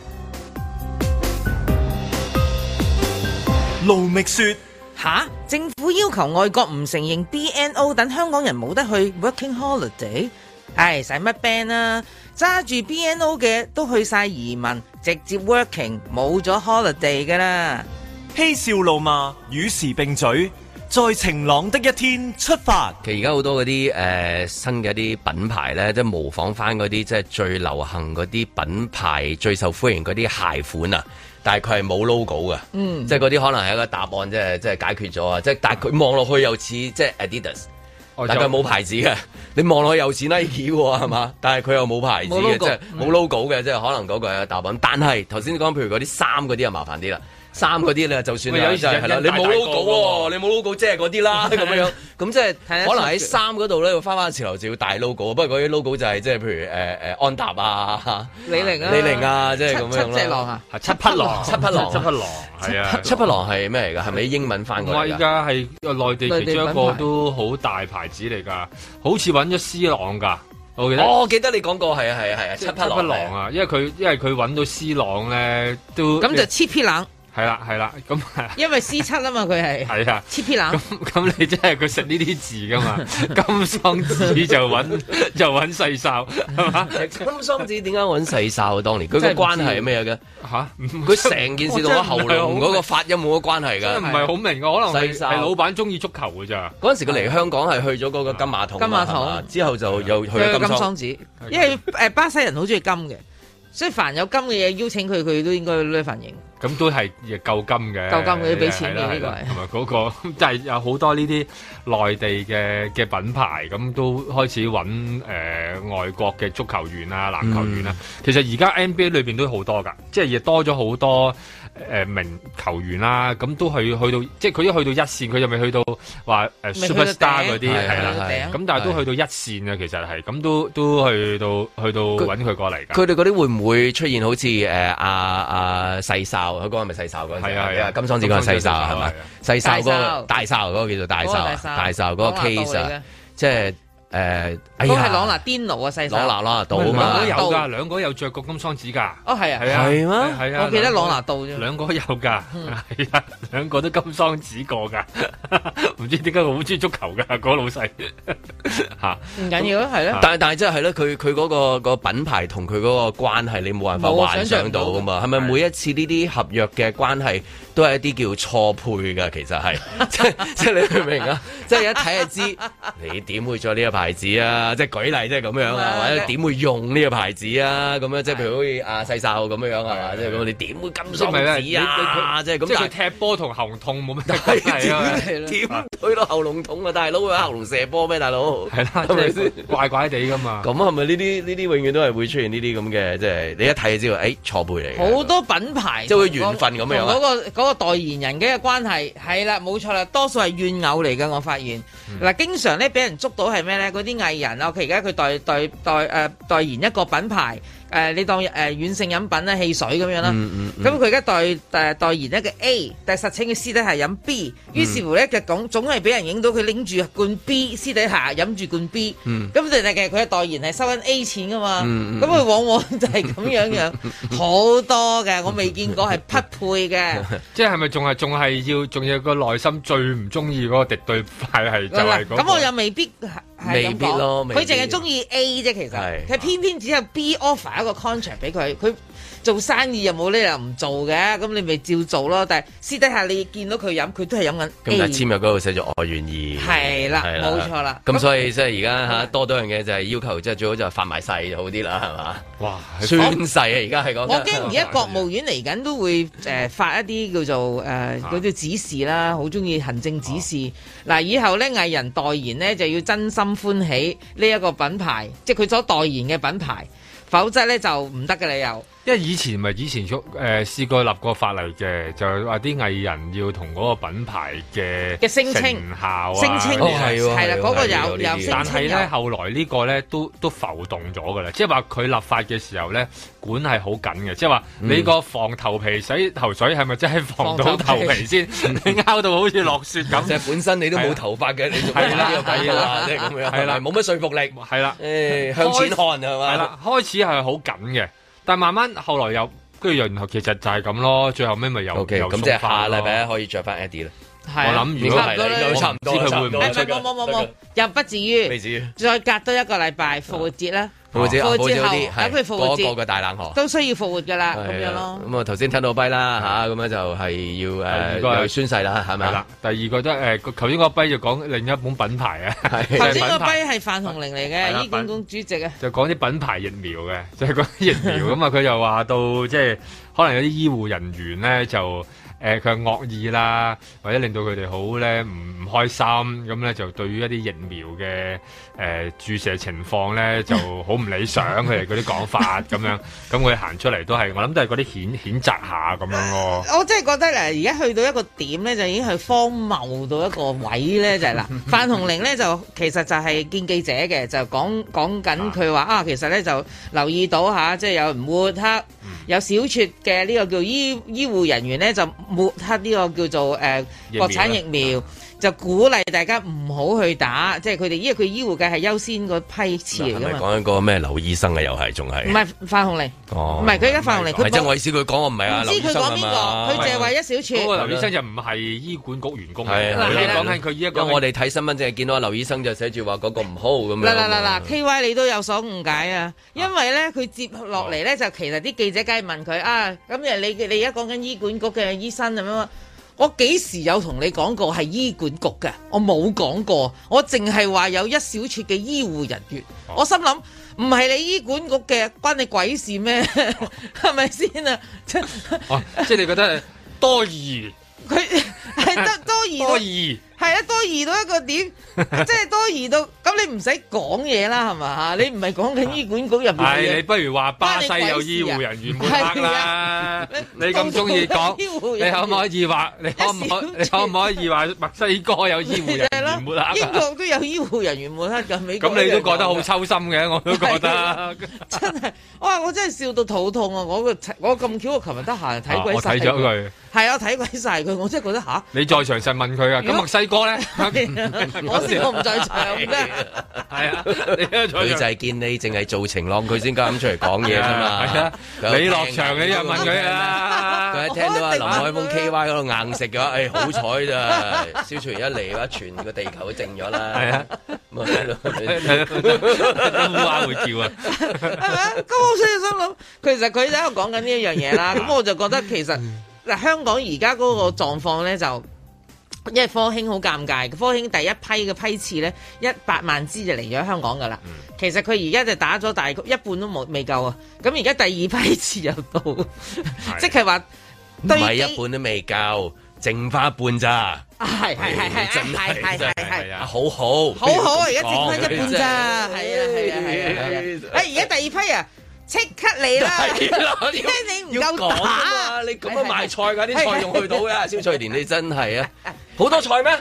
S3: 盧覓雪。吓！政府要求外國唔承認 BNO 等香港人冇得去 working holiday，唉，使乜 ban 啊？揸住 BNO 嘅都去晒移民，直接 working 冇咗 holiday 噶啦！
S1: 嬉笑怒罵，與時並嘴，在晴朗的一天出發。其實而家好多嗰啲誒新嘅一啲品牌咧，即係模仿翻嗰啲即係最流行嗰啲品牌最受歡迎嗰啲鞋款啊！但係佢係冇 logo 嘅，嗯、即係嗰啲可能係一個答案，即係即係解決咗啊！即係但係佢望落去又似即係 Adidas，但佢冇牌子嘅。你望落去又似 Nike 喎，係、嗯、嘛？但係佢又冇牌子嘅，即係冇 logo 嘅，即係可能嗰個係答案。嗯、但係頭先講，譬如嗰啲衫嗰啲就麻煩啲啦。衫嗰啲咧，就算你有啲就係啦，你冇 logo 喎，你冇 logo 即係嗰啲啦，咁、嗯、樣咁即係可能喺衫嗰度咧要翻翻潮流，就要大 logo。不過嗰啲 logo 就係即係譬如誒誒、呃、安踏啊、李寧啊、李寧啊，即係咁樣啦。七匹狼啊，七匹狼，七匹狼，七匹狼，係啊，七匹狼係咩嚟㗎？係咪、啊啊啊、英文翻過㗎？我依家係內地其中一個都
S2: 好大牌子嚟㗎，好似揾咗 C 朗㗎，我記得。我記得你講過係啊係啊係啊，七匹狼啊，因為佢因為佢揾到 C 朗咧都咁就七匹狼.係啦，係啦，咁、嗯、
S3: 因為 C 七啊嘛，佢係，係啊，切片腩，咁、
S2: 嗯、咁、嗯嗯、你真係佢
S1: 食呢啲字噶嘛 金？ 金桑子就揾就揾細哨，金桑子點解揾細哨啊？當年佢個關係係咩嘅？吓、啊，佢成件事同我後來嗰個發音冇乜關係噶，真唔係好明白可能細哨。係老闆中意足球噶咋？嗰陣時佢嚟香港係去咗嗰個金馬桶，金馬桶之後就又去金桑，金桑子，因為
S3: 誒、呃、巴西人好中意金嘅。所以凡有金嘅嘢邀請佢，佢都應該攞反映。
S1: 咁
S2: 都係亦夠金嘅，夠金佢要俾錢嘅呢、這個那個。同埋嗰個，即係有好多呢啲內地嘅嘅品牌，咁都開始揾誒、呃、外國嘅足球員啊、籃球員啊、嗯。其實而家 NBA 裏面都好多㗎，即係亦多咗好多。誒名球員啦，咁都去，去到，即係佢都去到一線，佢又未去到話 Superstar 嗰啲係啦，咁但係都去到一線啊，其實係咁都都去到
S1: 去到揾佢過嚟。佢哋嗰啲會唔會出現好似誒阿阿細哨，佢講係咪細哨嗰隻？係啊係啊，金桑子個細哨係咪？細哨嗰個大哨嗰個叫做大哨、那個，大哨嗰個 case 即係。誒、呃，都、哎、係朗
S3: 拿甸奴啊，細佬。朗拿朗拿到
S1: 啊嘛，兩有噶，兩個有着過
S2: 金桑子噶。哦，係啊，係啊，係啊！我記得朗拿度啫。兩個有噶，係、嗯、啊，兩個都金桑子過噶，唔 知點解我好中意
S1: 足球噶，嗰、那個、老細
S2: 吓。
S3: 唔緊要啊，係咯、啊啊。但
S1: 係但係真係咧，佢佢嗰個個品牌同佢嗰個關係，你冇辦法幻想到噶嘛？係咪每一次呢啲合約嘅關係，都係一啲叫錯配噶？其實係， 即你 即係你明唔明啊？即係一睇就知，你點會再呢一排？牌子啊，即係舉例，即係咁樣啊，或者點會用呢個牌子啊？咁樣即係譬如好似阿細瘦咁樣啊，即係咁，你點會咁識牌子啊？即係咁，即係踢波同喉痛冇乜問題啊？點推到喉嚨痛啊？大佬，你喉嚨射波咩？大佬，係啦，係咪先？怪怪地㗎嘛？咁係咪呢啲呢啲永遠都係會出現呢啲咁嘅？即係你一睇就知道，誒錯背嚟。好多品牌即係好似緣分咁樣啊！
S3: 嗰個嗰個代言人嘅關係係啦，冇錯啦，多數係怨偶嚟㗎。我發現嗱，經常咧俾人捉到係咩咧？嗰啲藝人啊，佢而家佢代代代誒代言一個品牌。誒、呃，你當誒軟、呃、性飲品啊、汽水咁樣啦。咁佢而家代誒代，代言一個 A，但係實情佢私底下飲 B。於、嗯、是乎咧，佢總總係俾人影到佢拎住罐 B，私底下飲住罐 B、嗯。咁其實佢嘅代言係收緊 A 錢噶嘛。咁、嗯、佢往往就係咁樣樣、嗯，好多嘅， 我未見過係匹配嘅。
S2: 即係係咪仲係仲係要，仲要個內心最唔中意嗰個敵對派系？嗱、就係嗰個，咁我
S3: 又未必未必咯。佢淨係中意 A 啫，其實佢偏偏只有 B offer。打個 contract 俾佢，佢做生意又冇理由唔做嘅，咁你咪照做咯。但係私底下你見到佢飲，佢都係飲緊。咁就簽
S1: 入嗰度寫咗「我願意」。係
S3: 啦，冇錯啦。
S1: 咁所以即係而家嚇多咗樣嘢，就係要求，即係最好就發埋誓就好啲啦，係嘛？哇！宣誓啊，而家係講。我驚而家
S3: 國務院嚟緊都會誒發一啲叫做誒啲、呃啊、指示啦，好中意行政指示。嗱、啊，以後咧藝人代言咧就要真心歡喜呢一個品牌，即係佢所代言嘅品牌。否則咧就唔得嘅，理由。
S2: 即係以前咪以前誒試過立過法例嘅，就係話啲藝人要同嗰個品牌嘅嘅聲效、啊、聲稱，係啦，嗰、哦、個、啊啊啊啊啊、有。有聲稱但係咧後來這個呢個咧都都浮動咗噶啦，即係話佢立法嘅時候咧管係好緊嘅，即係話你個防頭皮洗頭水係咪真係防到頭皮先？皮先 你拗到好似落雪咁，其實本身你都冇頭髮嘅、 啊，你仲係啦，係啦、啊，咁 樣係啦，冇乜、啊、說服力，係啦、啊，誒、哎，向前看係咪？係啦、啊啊啊啊，開始係好緊嘅。但慢慢後來又跟住又然後其實就係咁咯，最後尾咪
S1: 又鬆化、okay，即係下禮拜可以着翻一啲。啊、我諗如果差唔多。佢會唔會冇嘅。唔
S3: 又不至於，不至於。再隔多一個禮拜復活節啦。復、啊、活節復活後，多一個嘅大冷河都需要復活嘅啦，咁樣咯。
S1: 咁、嗯、啊，頭先聽到跛啦吓，咁樣就係要誒又宣誓啦，係咪？啦。第二個都，誒、呃，頭先個跛就講另一
S2: 本品牌啊。頭先個跛
S3: 係范鴻齡嚟嘅醫管局主席啊。
S2: 就講啲品牌疫苗嘅，就係講啲疫苗咁啊。佢又話到即係可能有啲醫護人員咧就。誒、呃、佢惡意啦，或者令到佢哋好咧唔開開心，咁咧就對於一啲疫苗嘅誒、呃、注射情況咧就好唔理想，佢哋嗰啲講法咁樣，咁佢行出嚟都係我諗都係嗰啲譴譴責下咁樣咯、哦。
S3: 我真係覺得呢，而家去到一個點咧，就已經係荒謬到一個位咧就係、是、啦。 范鴻齡咧就其實就係見記者嘅，就講講緊佢話啊，其實咧就留意到下，即、就、係、是、有抹黑、有小撮嘅呢個叫醫醫護人員咧就。抹黑呢個叫做誒國產疫苗，疫苗。疫苗啊就鼓勵大家唔好去打，即係佢哋，因為佢醫護界係優先嗰批次嚟噶嘛。
S1: 講緊個咩劉醫生啊，又係仲係唔
S3: 係？範紅麗，唔係佢而家范紅麗。係、哦，真係、就係、我
S1: 意思佢講我、啊，我唔係啊。唔知佢講邊個？佢淨係話一小撮。嗰、嗰個劉醫生就唔係醫管局員工嚟。嗱，講緊佢依一個，我哋睇新聞淨係見到阿劉醫生就寫住話嗰個唔好咁樣。嗱
S3: KY 你都有所誤解啊，因為咧佢接落嚟咧就其實啲記者梗係問佢啊，咁你你而家講緊醫管局嘅醫生咁啊？我幾時有同你講過係醫管局嘅？我冇講過，我淨係話有一小撮嘅醫護人員。我心諗唔係你醫管局嘅，關你鬼事咩？係咪先啊？即
S2: 係你覺得你多疑？ 佢
S3: 係得多疑 多疑。係啊，多疑到一個點， 即係多疑到咁，你唔使講嘢啦，係嘛嚇？你唔係講緊醫管局入面，你不如話巴西有醫護人員抹黑啦。你咁中意講醫
S2: 護人員，你可唔可以話？你可唔可以？你可唔可以話 墨西哥有醫護人員抹黑、就係？英國
S3: 都有醫護人員抹黑嘅，美國。咁你都覺得好抽
S2: 心嘅，我都覺得。的
S3: 真係，哇！我真係笑到肚痛啊！我個我咁巧，我琴日得閒睇鬼曬佢。係啊，睇鬼晒佢，我真係覺得嚇、
S1: 啊。你再詳細問佢啊？咁墨西哥歌
S3: 咧、啊，我事我唔在
S1: 場。係啊，女、啊、仔、啊、見你淨係做情郎，佢先咁出嚟講嘢啫嘛、啊啊啊。你落場，你又問佢啊？佢一聽到話林海峰 K Y 嗰度硬食嘅話，好彩咋！肖傳、啊啊、一嚟嘅話，全個地球都靜咗啦。係啊，冇話會叫啊。
S3: 咁我所以心諗，其實佢喺度講緊呢一樣嘢啦。咁 我就覺得其實嗱、 啊，香港而家嗰個狀況咧就。因為科興好尷尬，科興第一批嘅批次咧，一百萬支就嚟咗香港噶啦。其實佢而家就打咗大概一半都冇未夠啊，咁而家第二批次又到，即係話唔係一
S1: 半都未夠，剩翻一半咋？啊係
S3: 係係係係係係
S1: 啊，好好，好好，而家剩翻一半咋？係啊係啊
S3: 係啊，啊。而家第二批啊！即刻 你啦！ 你
S1: 唔夠打啊！
S3: 你咁樣賣菜㗎，啲菜仲去
S1: 到嘅，蕭翠蓮 你真係的啊！好 多菜咩？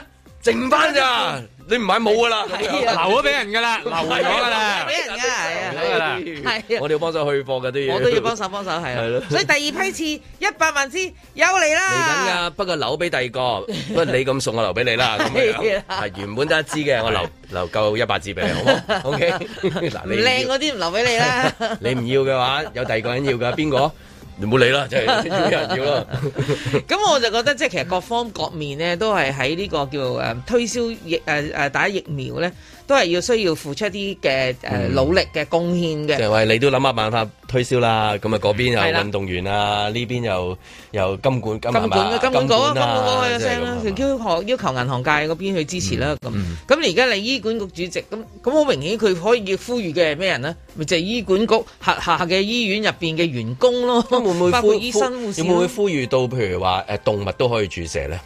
S1: 剩翻咋？ 你唔買冇噶啦，留咗俾人噶啦，留埋咗噶啦，俾
S3: 人噶係啊，我哋
S1: 要幫手去貨噶，都要，我都要幫手幫手係咯。所以第
S3: 二批次一百萬支又嚟啦，
S1: 嚟緊噶，不過留俾第二個，不過你咁送我留俾你啦，係原本得一支嘅，我留留夠一百支俾你，好唔好？O K，嗱你靚
S3: 嗰啲唔留俾你啦，
S1: 你唔要嘅話，有第二個人要噶，邊個？你唔好理啦，真係有人要啦。
S3: 咁我就覺得即係其實各方各面咧，都係喺呢個叫誒推銷疫誒誒打疫苗咧。都係要需要付出啲嘅誒努力嘅貢獻嘅、嗯。就係、是、
S1: 你都諗下辦法推銷啦，咁啊嗰邊有運動員啊，呢邊又又金管金金管啊，金管局，金管嗰
S3: 個聲啦。佢要學要求銀行界嗰邊去支持啦。咁咁而家你醫管局主席，咁咁好明顯佢可以呼籲嘅係咩人咧？咪就係、是、醫管局轄下嘅醫院入邊嘅員工咯、嗯。 會唔會呼？會唔會呼
S1: 籲到譬如話誒動物都可以注射咧？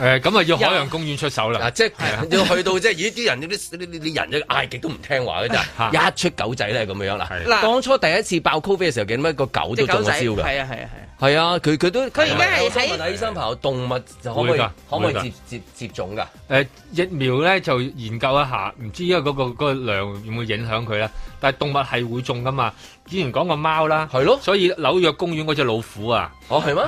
S1: 誒咁啊，要海洋公園出手啦！嗱，即係要去到即係，咦啲人啲啲啲人咧嗌極都唔聽話嘅啫，一出狗仔咧咁樣啦。嗱，當初第一次爆 Covid 嘅時候，見到咩個狗都中咗招㗎？係啊係啊係啊！係啊，佢佢都佢而家係喺醫生朋友，動物可唔可以可唔可以接接接種㗎？誒疫苗咧
S2: 就研究一下，唔知因為嗰個嗰個量會唔會影響佢咧？但係動物係會中㗎嘛。之前講過貓啦，係咯，所以紐約公園嗰隻老虎啊，哦係咩？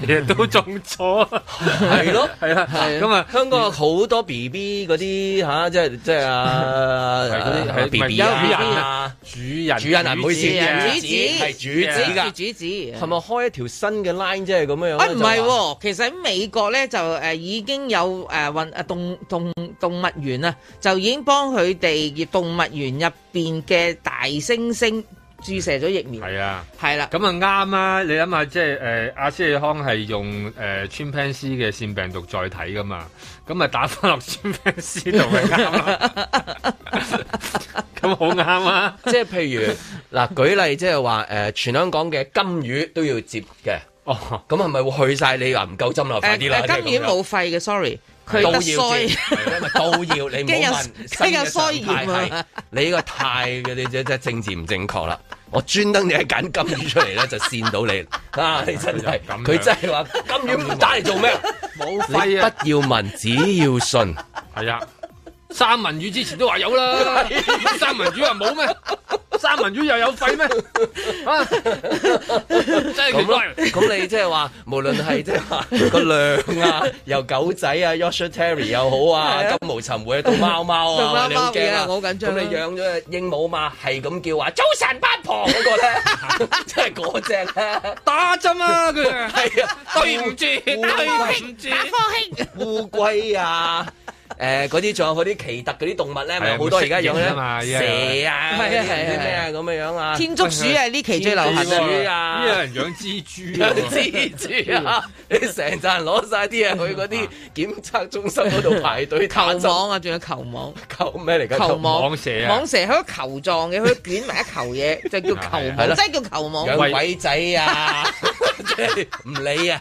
S2: 亦
S1: 都中咗，係咯，係 啦，咁啊，啊，啊，香港好多 B B 嗰啲吓，即係即係啊，嗰啲係 B B，主人啊，主人、啊，主人唔好意思，主子、啊、主子、啊、主子係咪、啊、開一條新嘅 line 即係咁樣樣、啊？啊唔係、
S3: 啊，其實喺美國咧就誒已經有誒、啊、運啊動動，動物園啊，就已經幫佢哋嘅動物園入邊嘅大猩猩。注射咗疫苗，係、嗯、啊，
S2: 係啦，咁啊啱啊！你諗下，即係誒阿斯利康係用誒穿鈣絲嘅腺病毒載體噶嘛，咁咪打翻落穿鈣絲
S1: 度咪啱，咁好啱啊！即係譬如嗱，舉例即係話誒，全香港嘅金魚都要接嘅，哦，咁係咪會去晒？你話唔夠針落、呃、快啲啦、呃！金魚冇
S3: 肺嘅，sorry。都要
S1: 都要，你唔好問。今日，日，日衰業。你呢個太嗰啲即係政治唔正確啦！我專登你揀金魚出嚟咧，就扇到你啦！你真係佢真係話金魚唔打嚟做咩？冇廢。你不要問，只要信，係 啊！
S2: 三文魚之前都話有啦，三文魚又冇咩？三文魚又有
S3: 肺咩？啊，真
S2: 係咁啦。咁你
S1: 即係話，無論係即係話個量啊，由狗仔啊，Yorkshire Terrier 又好啊，金毛尋回啊，到貓貓啊，你好驚啦，好緊張啊。咁你養咗隻鸚鵡嘛，係咁叫話早晨，八婆嗰個咧，真係嗰隻咧，打針啊佢，啊，對唔住，對唔住，打科興，打科興，烏龜啊！誒嗰啲仲有嗰啲奇特嗰啲動物咧，咪 好多而家養啊嘛，蛇啊，啲咩啊咁樣樣啊，天竺鼠啊，呢期最流行客鼠啊，呢有、啊啊、人養蜘蛛啊？ 養蜘蛛啊！ 你成扎人攞晒啲啊去嗰啲檢測中心嗰度排隊球網啊！仲有球網，球咩嚟㗎？球網蛇啊！網
S3: 蛇喺一球狀嘅，佢捲埋一球嘢，就是、叫球網，即係叫球網鬼仔啊！
S1: 即係唔理啊！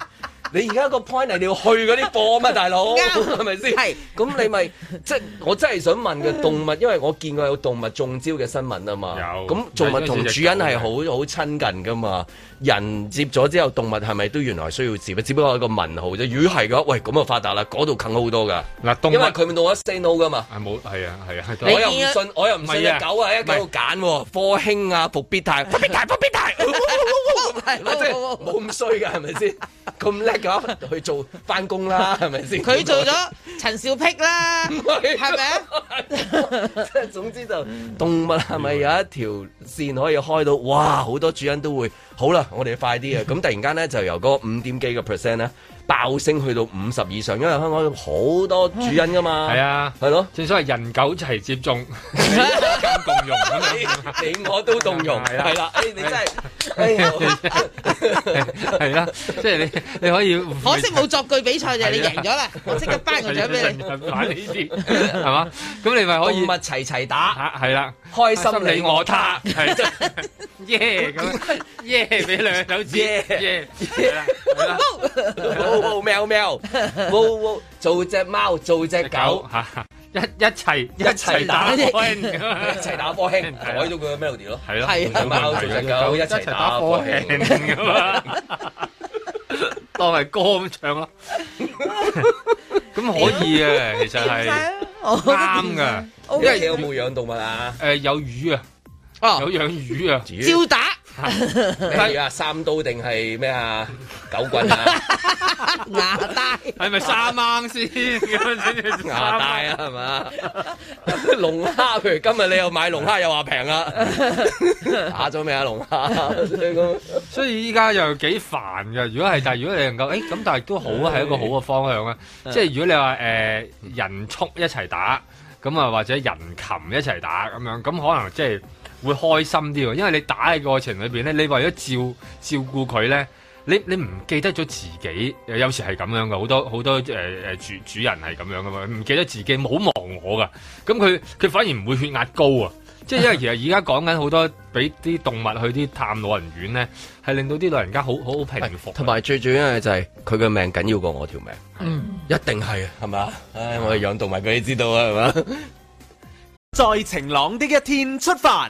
S1: 你而家個 point 嚟，你要去嗰啲波啊嘛，大佬，係咪先？係。 咁你咪即我真係想問嘅動物，因為我見過有動物中招嘅新聞啊嘛。咁動物同主人係好好親近噶嘛？人接咗之後，動物係咪都原來需要接？只不過係個文號啫。如果係嘅，喂，咁就發達啦，嗰度近好多噶。嗱，因為佢到一 say no 㗎嘛。係冇，係啊，係啊，啊，啊，我又唔信、啊，我又唔信啊狗啊，一路揀科興啊，復必泰，復必泰，復必泰。 唔係，即係冇咁衰噶，係咪先。咁叻㗎去做返工啦，係咪先？佢做咗
S3: 陳少辟啦，
S1: 係咪啊？即係總之就動物係咪有一條線可以開到？哇！好多主人都會好啦，我哋快啲啊！咁突然間咧，就由嗰個五點幾個 percent 啦。爆升去到五十以上，因為香港好多主因㗎嘛。係啊，係咯，正所謂人狗齊接種，資金共用咁樣，你我都動容，係啦。哎，你真係，係啦。即係你，
S2: 你可以。可惜冇作句比賽就你贏咗啦，我即刻頒個獎俾你。玩呢
S3: 啲
S2: 係嘛？咁你咪可以密齊齊打，係啦，
S3: 開心你我他，yeah 咁，yeah 俾兩手指，yeah，係
S1: 啦。貓貓，貓貓，做隻貓，做隻狗，吓一一齊一齊打波，一齊打波興，改咗佢嘅 melody 咯，係咯，係啊，貓做隻狗，一齊打波興
S2: 咁啊，當係歌咁唱咯，咁可以啊，其實係啱噶，
S1: 因為你有冇養動物啊？誒，有魚啊，啊，有養魚啊，照打。係 啊，三刀定係咩啊？九棍啊？ 牙帶係咪三啱先 牙帶啊，係嘛？龍 蝦，譬如今日你又買龍蝦又話平啊？ 打
S2: 咗咩啊？龍蝦？ 所以依家又幾煩噶。如果係，但係如果你能夠，誒、欸、咁，但係都好係一個好嘅方向啊。 即係如果你話誒、呃、人畜一齊打咁啊，或者人禽一齊打咁樣，咁可能即係。會開心啲喎，因為你打嘅過程裏邊咧，你為咗照照顧佢咧，你你唔記得咗自己，有時係咁樣嘅，好多好多誒誒、呃、主主人係咁樣噶嘛，唔記得自己，冇忘我噶，咁佢佢反而唔會血壓高啊，即係因為其實而家講緊好多俾啲動物去啲探老人院咧，係令到啲老人家好好平復，
S1: 同埋最主要嘅就係佢嘅命緊要過我條命，一定係啊，係嘛？唉，我係養動,動物，你知道啊，係嘛？ 在晴朗的一,一天出發。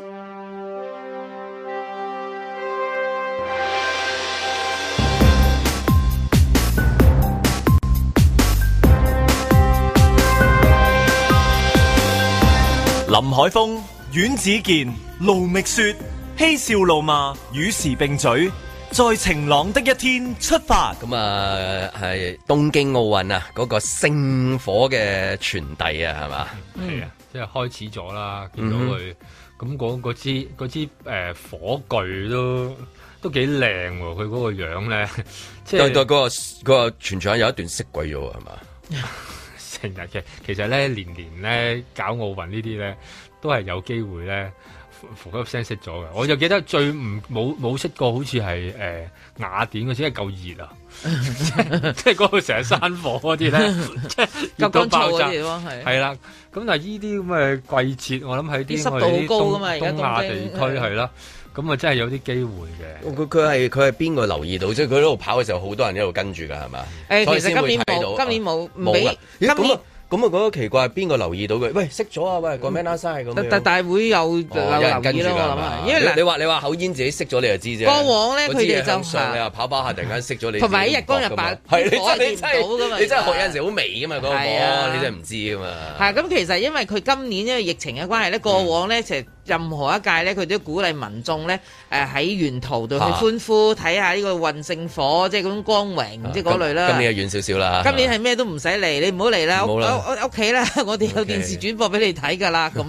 S1: 林海峰、阮子健、盧覓雪、嬉笑怒罵、與時並舉，在晴朗的一天出發。咁啊，係東京奧運啊，嗰、那個聖火嘅傳遞啊，係嘛？
S2: 係、嗯、啊，即係開始咗啦，見到佢咁嗰支支誒火炬都都幾靚喎、啊，佢嗰個樣咧，即係嗰、那個、那個全場、那個、有一段熄鬼咗，係嘛？ 平日嘅，其實咧年年咧搞奧運這些呢啲咧，都係有機會咧，馮一聲熄咗嘅。我就記得最唔冇冇熄過好似係，好似係誒雅典嗰次係夠熱啊， 即係嗰個成日山火嗰啲咧，熱 到爆炸。係啦，
S1: 咁但係依啲咁嘅季節，我諗喺啲高哋啲東,東亞地區係啦。咁啊，真係有啲機會嘅。佢佢係佢係邊個留意到？即係佢喺度跑嘅時候，好多人喺度跟住噶，係嘛？其實今年冇，今年冇冇嘅。咁咁啊，覺得、欸、奇怪，邊個留意到佢？喂，識咗啊！喂，個 m 啦 n 係咁。大但但係會有留意咯，諗啊、哦。因為你話你話口煙自己識咗你就知啫。過往咧，佢哋就常你話跑跑下突然間識咗你。同埋喺日光日白，你真係見㗎嘛？你真係學有陣時好微㗎嘛？過往你真係唔知㗎嘛？
S3: 係啊。其實。因為。佢今年因為疫情嘅關係係啊。係啊。係。任何一屆咧，佢都鼓勵民眾咧，誒喺沿途度去歡呼，睇下呢個運聖火，即係嗰種光榮，即係嗰類啦。今年又
S1: 遠少少啦。今年係
S3: 咩都唔使嚟，你唔好嚟啦，屋屋企啦，我哋有電視轉播俾你睇㗎啦，咁、okay。咁、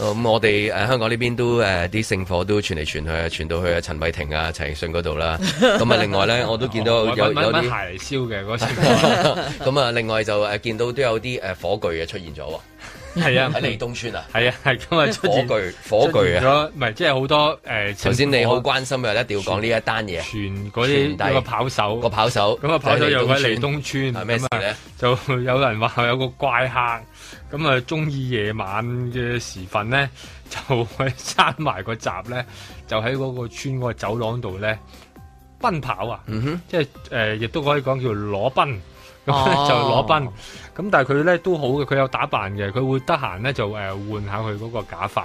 S3: 嗯、
S1: 我哋誒、啊、香港呢邊都誒啲、啊、聖火都傳嚟傳去，傳到去阿陳偉霆啊、陳奕迅嗰度啦。咁 啊、嗯，另外咧，我都見到有 有啲鞋嚟燒嘅嗰時。咁、 嗯、啊，另外就誒、啊、見到都有啲誒、啊、火炬嘅出現咗。係 啊，喺利東村啊，係啊，係咁啊，火炬，火炬啊，唔係，即係好多誒。首、呃、先你好關心、啊呃，一定要講呢一單嘢，全嗰啲個跑手，個跑手，咁啊跑
S2: 手又喺利東村，係咩事咧？就有人話有個怪客，咁啊中意夜晚嘅時分咧，就喺閂埋個閘咧，就喺嗰個村個走廊度咧奔跑啊。嗯、哼，即係誒，亦、呃、都可以講叫做裸奔。咁 就攞賓，咁、啊、但係佢咧都好嘅，佢有打扮嘅，佢會得閒咧就誒換、呃、下佢嗰個假髮。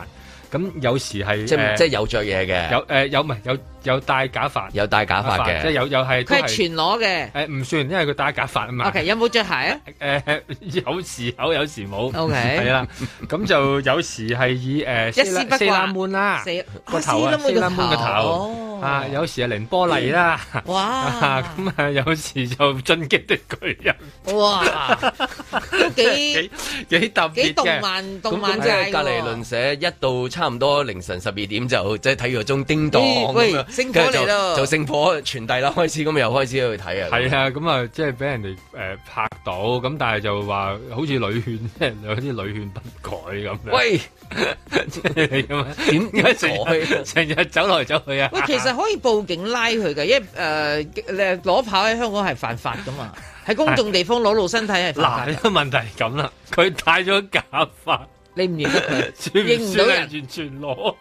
S2: 咁有時係即即有著嘢嘅，有誒有唔係有有戴假髮，有戴假髮嘅，即有又係佢係全
S3: 裸嘅，誒唔
S2: 算，因為佢戴假髮啊嘛。OK，
S3: 有冇著鞋
S2: 啊？誒有時有，有時冇。OK，係啦。咁就有時係以誒一絲不掛滿啦，個頭啊，絲不掛滿個頭。啊，有時啊，凌波麗啦，哇！咁啊，有時就
S1: 進擊的巨人。哇！
S2: 都幾
S1: 幾特別嘅。幾動漫動漫嘅。隔離鄰舍一到。差唔多凌晨十二點就即係睇咗鐘叮當咁樣，跟住就就聖火傳遞啦，開始咁又開始去睇啊。係啊，咁
S2: 啊，即係俾人哋誒拍到，咁但係就話好似女勸，即係有啲女勸不改咁樣。喂，點解成日走來走去啊！喂，其實
S3: 可以報警拉佢㗎，因為誒裸、呃、跑喺香港係犯法噶嘛，喺公眾地方裸露身體係犯法。嗱，呢
S2: 個問題係咁啦，佢戴咗假髮，你唔認得佢，認 唔到人，全全攞。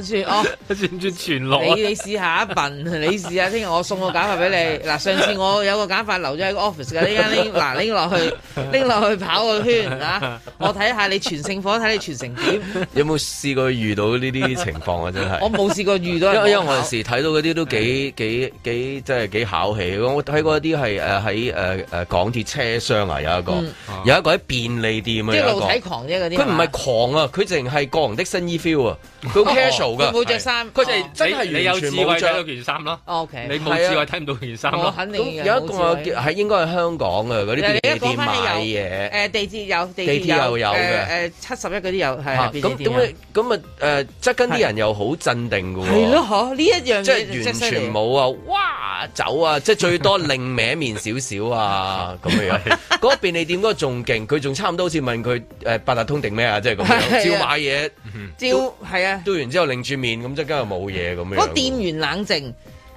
S2: 轉哦， 全落。你你試
S3: 下一笨，你試下。聽日 我送個假髮俾你。嗱，上次我有個假髮留咗喺個 office 嘅，呢嗱，拎落去，拎落去跑個圈、啊、我睇下你傳聖火，睇你傳成點。
S1: 有冇試過遇到呢啲情況啊？真係。我
S3: 冇試過遇到。因為因為有時
S1: 睇到嗰啲都幾幾幾，即係幾巧氣。我睇過一啲係誒喺誒誒港鐵車廂啊，有一個，嗯、有一個喺便利店啊。嗯、有一即係露體
S3: 狂啫，嗰
S2: 啲。佢唔係
S1: 狂啊，佢淨係個人的新衣 feel 啊，佢 cash。 冇着衫，佢就係真係完全冇着到件
S2: 衫咯。O、oh, K，、okay. 你冇智慧睇唔、啊、到
S1: 件衫咯。肯定有一個係應該係香港啊。嗰啲便利店買嘢。誒、
S3: 呃，地鐵有，地鐵又有嘅。誒、呃呃、七十一嗰啲有，係啊。咁咁佢
S1: 咁啊誒，質根啲人又好鎮定喎。咯、
S3: 啊，呢一樣嘢，即、就、係、是、完全冇啊！
S1: 哇，走啊！即 係最多擰歪面少少啊！咁 啊那樣，嗰 便利店嗰個仲勁，佢仲差唔多好似問佢誒八達通定咩、就是、啊？即係咁，照買嘢、嗯，照係啊，照完之後，定住面咁，即係今日冇嘢咁樣，樣、那個店
S3: 員冷靜。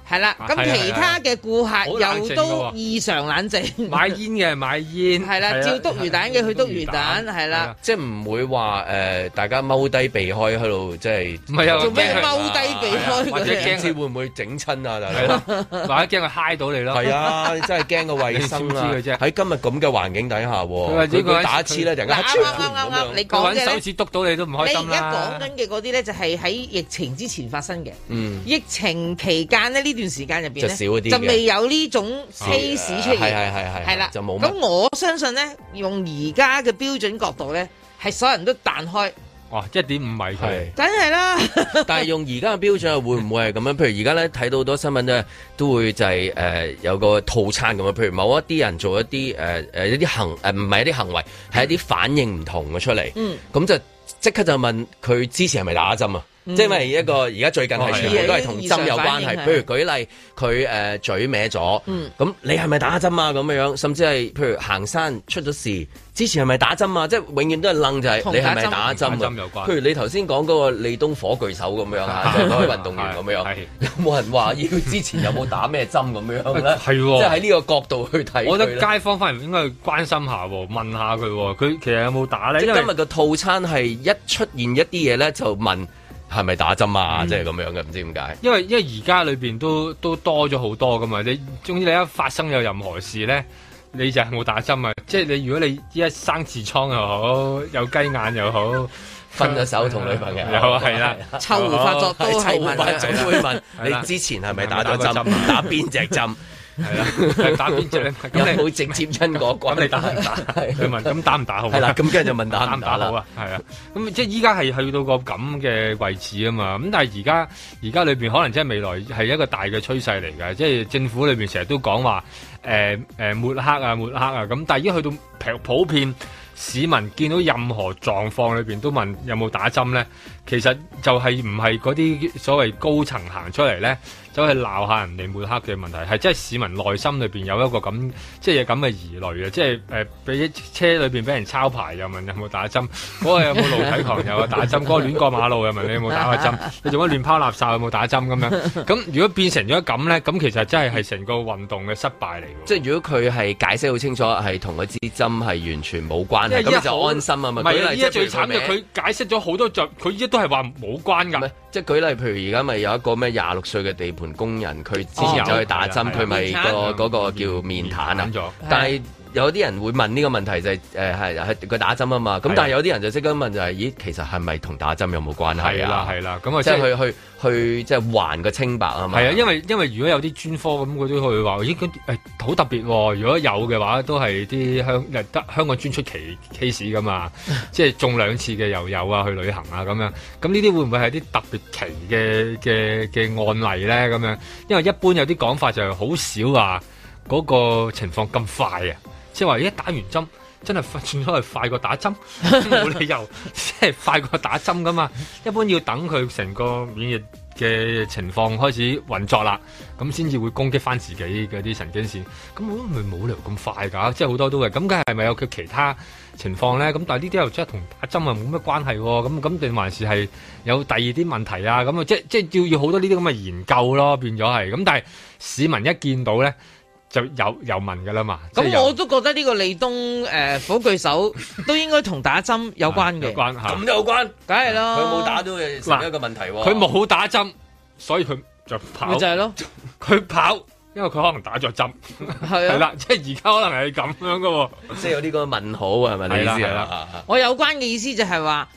S3: 係啦，咁其他嘅顧客又都異常冷靜的。買煙嘅買煙。係啦，啦，照篤魚蛋嘅去篤魚蛋，係啦，啦，啦。
S1: 即係唔會話誒、呃，大家踎低避開喺度，即係。唔係做咩踎低避開？或者驚至會唔會整親啊？大家。係咯、啊，驚 佢嗨到你咯。係 啊，真係驚個衞生啦、啊。喺、 啊、今日咁嘅環境底下，佢、 這個、打一次咧，突然間。啱啱啱啱你
S2: 講啫。手指篤到你都唔開心。你而家講緊
S3: 嘅嗰啲咧，就係喺疫情之前發生嘅。疫情期間咧，呢？段時間入邊就少啲，就未有呢種 case 出現，係係係係，係啦，就冇。咁我相信咧，用而家嘅標準角度咧，係所有人都彈開。
S1: 哇，一點五米佢，真係啦。 但係用而家嘅標準，會唔會係咁樣？譬如而家咧睇到好多新聞都都會就係、係、誒、呃、有個套餐咁樣，譬如某一啲人做一啲誒誒一啲行誒唔係一啲行為，係一啲反應唔同嘅出嚟。咁、嗯、就即刻就問佢之前係咪打針啊？嗯、即係一個而家最近嘅全部都係同針有關係，譬如舉例佢誒嘴歪咗，咁、嗯、你係咪打針啊？咁樣，甚至係譬如行山出咗事，之前係咪打針啊？即係永遠都係愣就係你係咪打針啊？譬如你頭先講嗰個李東火炬手咁樣吓，嗰啲運動員咁樣，啊啊啊、有冇人話要之前有冇打咩針咁樣係即係喺呢、啊啊就是、個角度去
S2: 睇，我覺得街坊反而應該去關心下，問下佢，佢其實有冇打咧？即今日個套
S1: 餐係一出現一啲嘢咧，就問。係咪打、啊嗯、打針啊？即係咁樣嘅。唔知點解。
S2: 因為因為而家裏邊都都多咗好多噶嘛，你總之你一發生有任何事咧，你就係冇打針啊！即係你如果你一生痔瘡又好，有雞眼
S1: 又好，分咗手同女朋友，有 啊，係啦，抽發作、哦哦、都會問，是你之前係咪打咗針、啊、針？打邊隻針？係 啦一，打邊隻咧？咁你好直接因我，咁你打唔打？佢 問： 咁 打唔打好？係 啦，咁跟住就問打唔打， 打，打好啊？係
S2: 啊，咁即係依家係去到個咁嘅位置啊嘛。咁但係而家而家裏邊可能即係未來係一個大嘅趨勢嚟㗎，即、就、係、是、政府裏邊成日都講話誒誒抹黑啊抹黑啊。咁、啊、但係而家去到普，普遍市民見到任何狀況裏邊都問有冇打針咧，其實就係唔係嗰啲所謂高層行出嚟咧？走去鬧下人哋抹黑嘅問題，係即係市民內心裏邊有一個咁即係有咁嘅疑慮嘅，即係誒俾車裏邊俾人抄牌又問有冇打針，嗰 個有冇露體狂又 打針，嗰個亂過馬路又問你有冇打過針， 你做乜亂拋垃圾有冇打針咁樣？咁如果變成咗咁咧，咁其實真係係成個運動嘅失敗嚟。即係如果佢
S1: 係解釋好清楚係同嗰支針係完全冇關係，咁就安心啊嘛。唔係，依家最慘嘅佢解釋咗好多，就佢依家都係話冇關㗎。即係舉例，譬如而家咪有一個咩廿六歲嘅地盤工人，佢之前走去打針，佢、哦、咪、嗰個嗰、嗰個叫面癱啊，但係。有啲人會問呢個問題就係誒係係佢打針啊嘛，咁但係有啲人就即刻問就係、是，咦其實係咪同打針有冇關係？係啦係啦，咁啊即係去去去即係
S2: 還個清
S1: 白啊嘛。係啊，就是就是就是、
S2: 因為因為如果有啲專科咁，佢都可以話咦好特別喎、哦。如果有嘅話，都係啲香香港專出奇 case 咁啊，即 係中兩次嘅又有啊，去旅行啊咁樣。咁呢啲會唔會係啲特別奇嘅嘅嘅案例咧？咁樣因為一般有啲講法就係、是、好少話嗰個情況咁快啊。即係話一打完針，真係轉咗係快過打針，冇理由即係快過打針噶嘛。一般要等佢成個免疫嘅情況開始運作啦，咁先至會攻擊翻自己嘅啲神經線。咁咁咪冇理由咁快噶，即係好多都係。咁梗係咪有佢其他情況咧？咁但係呢啲又真係同打針又冇乜關係、啊。咁咁定還是係有第二啲問題啊？咁啊，即係即係要要好多呢啲咁嘅研究咯，變咗係。咁但係市民一見到咧。就有有問㗎啦嘛，
S3: 咁我都覺得呢個利東誒、呃、火炬手都應該同打針有關嘅、 啊，咁
S1: 有關，梗係囉！佢冇、啊、打都係成一個問題喎，佢、啊、冇
S2: 打針，所以佢就跑，就係咯，佢跑，因為佢可能打咗針，係啦，即係而
S1: 家可能係咁樣㗎喎，即係有啲咁嘅問號係咪你意思係啦？
S3: 我有關嘅意思就係話，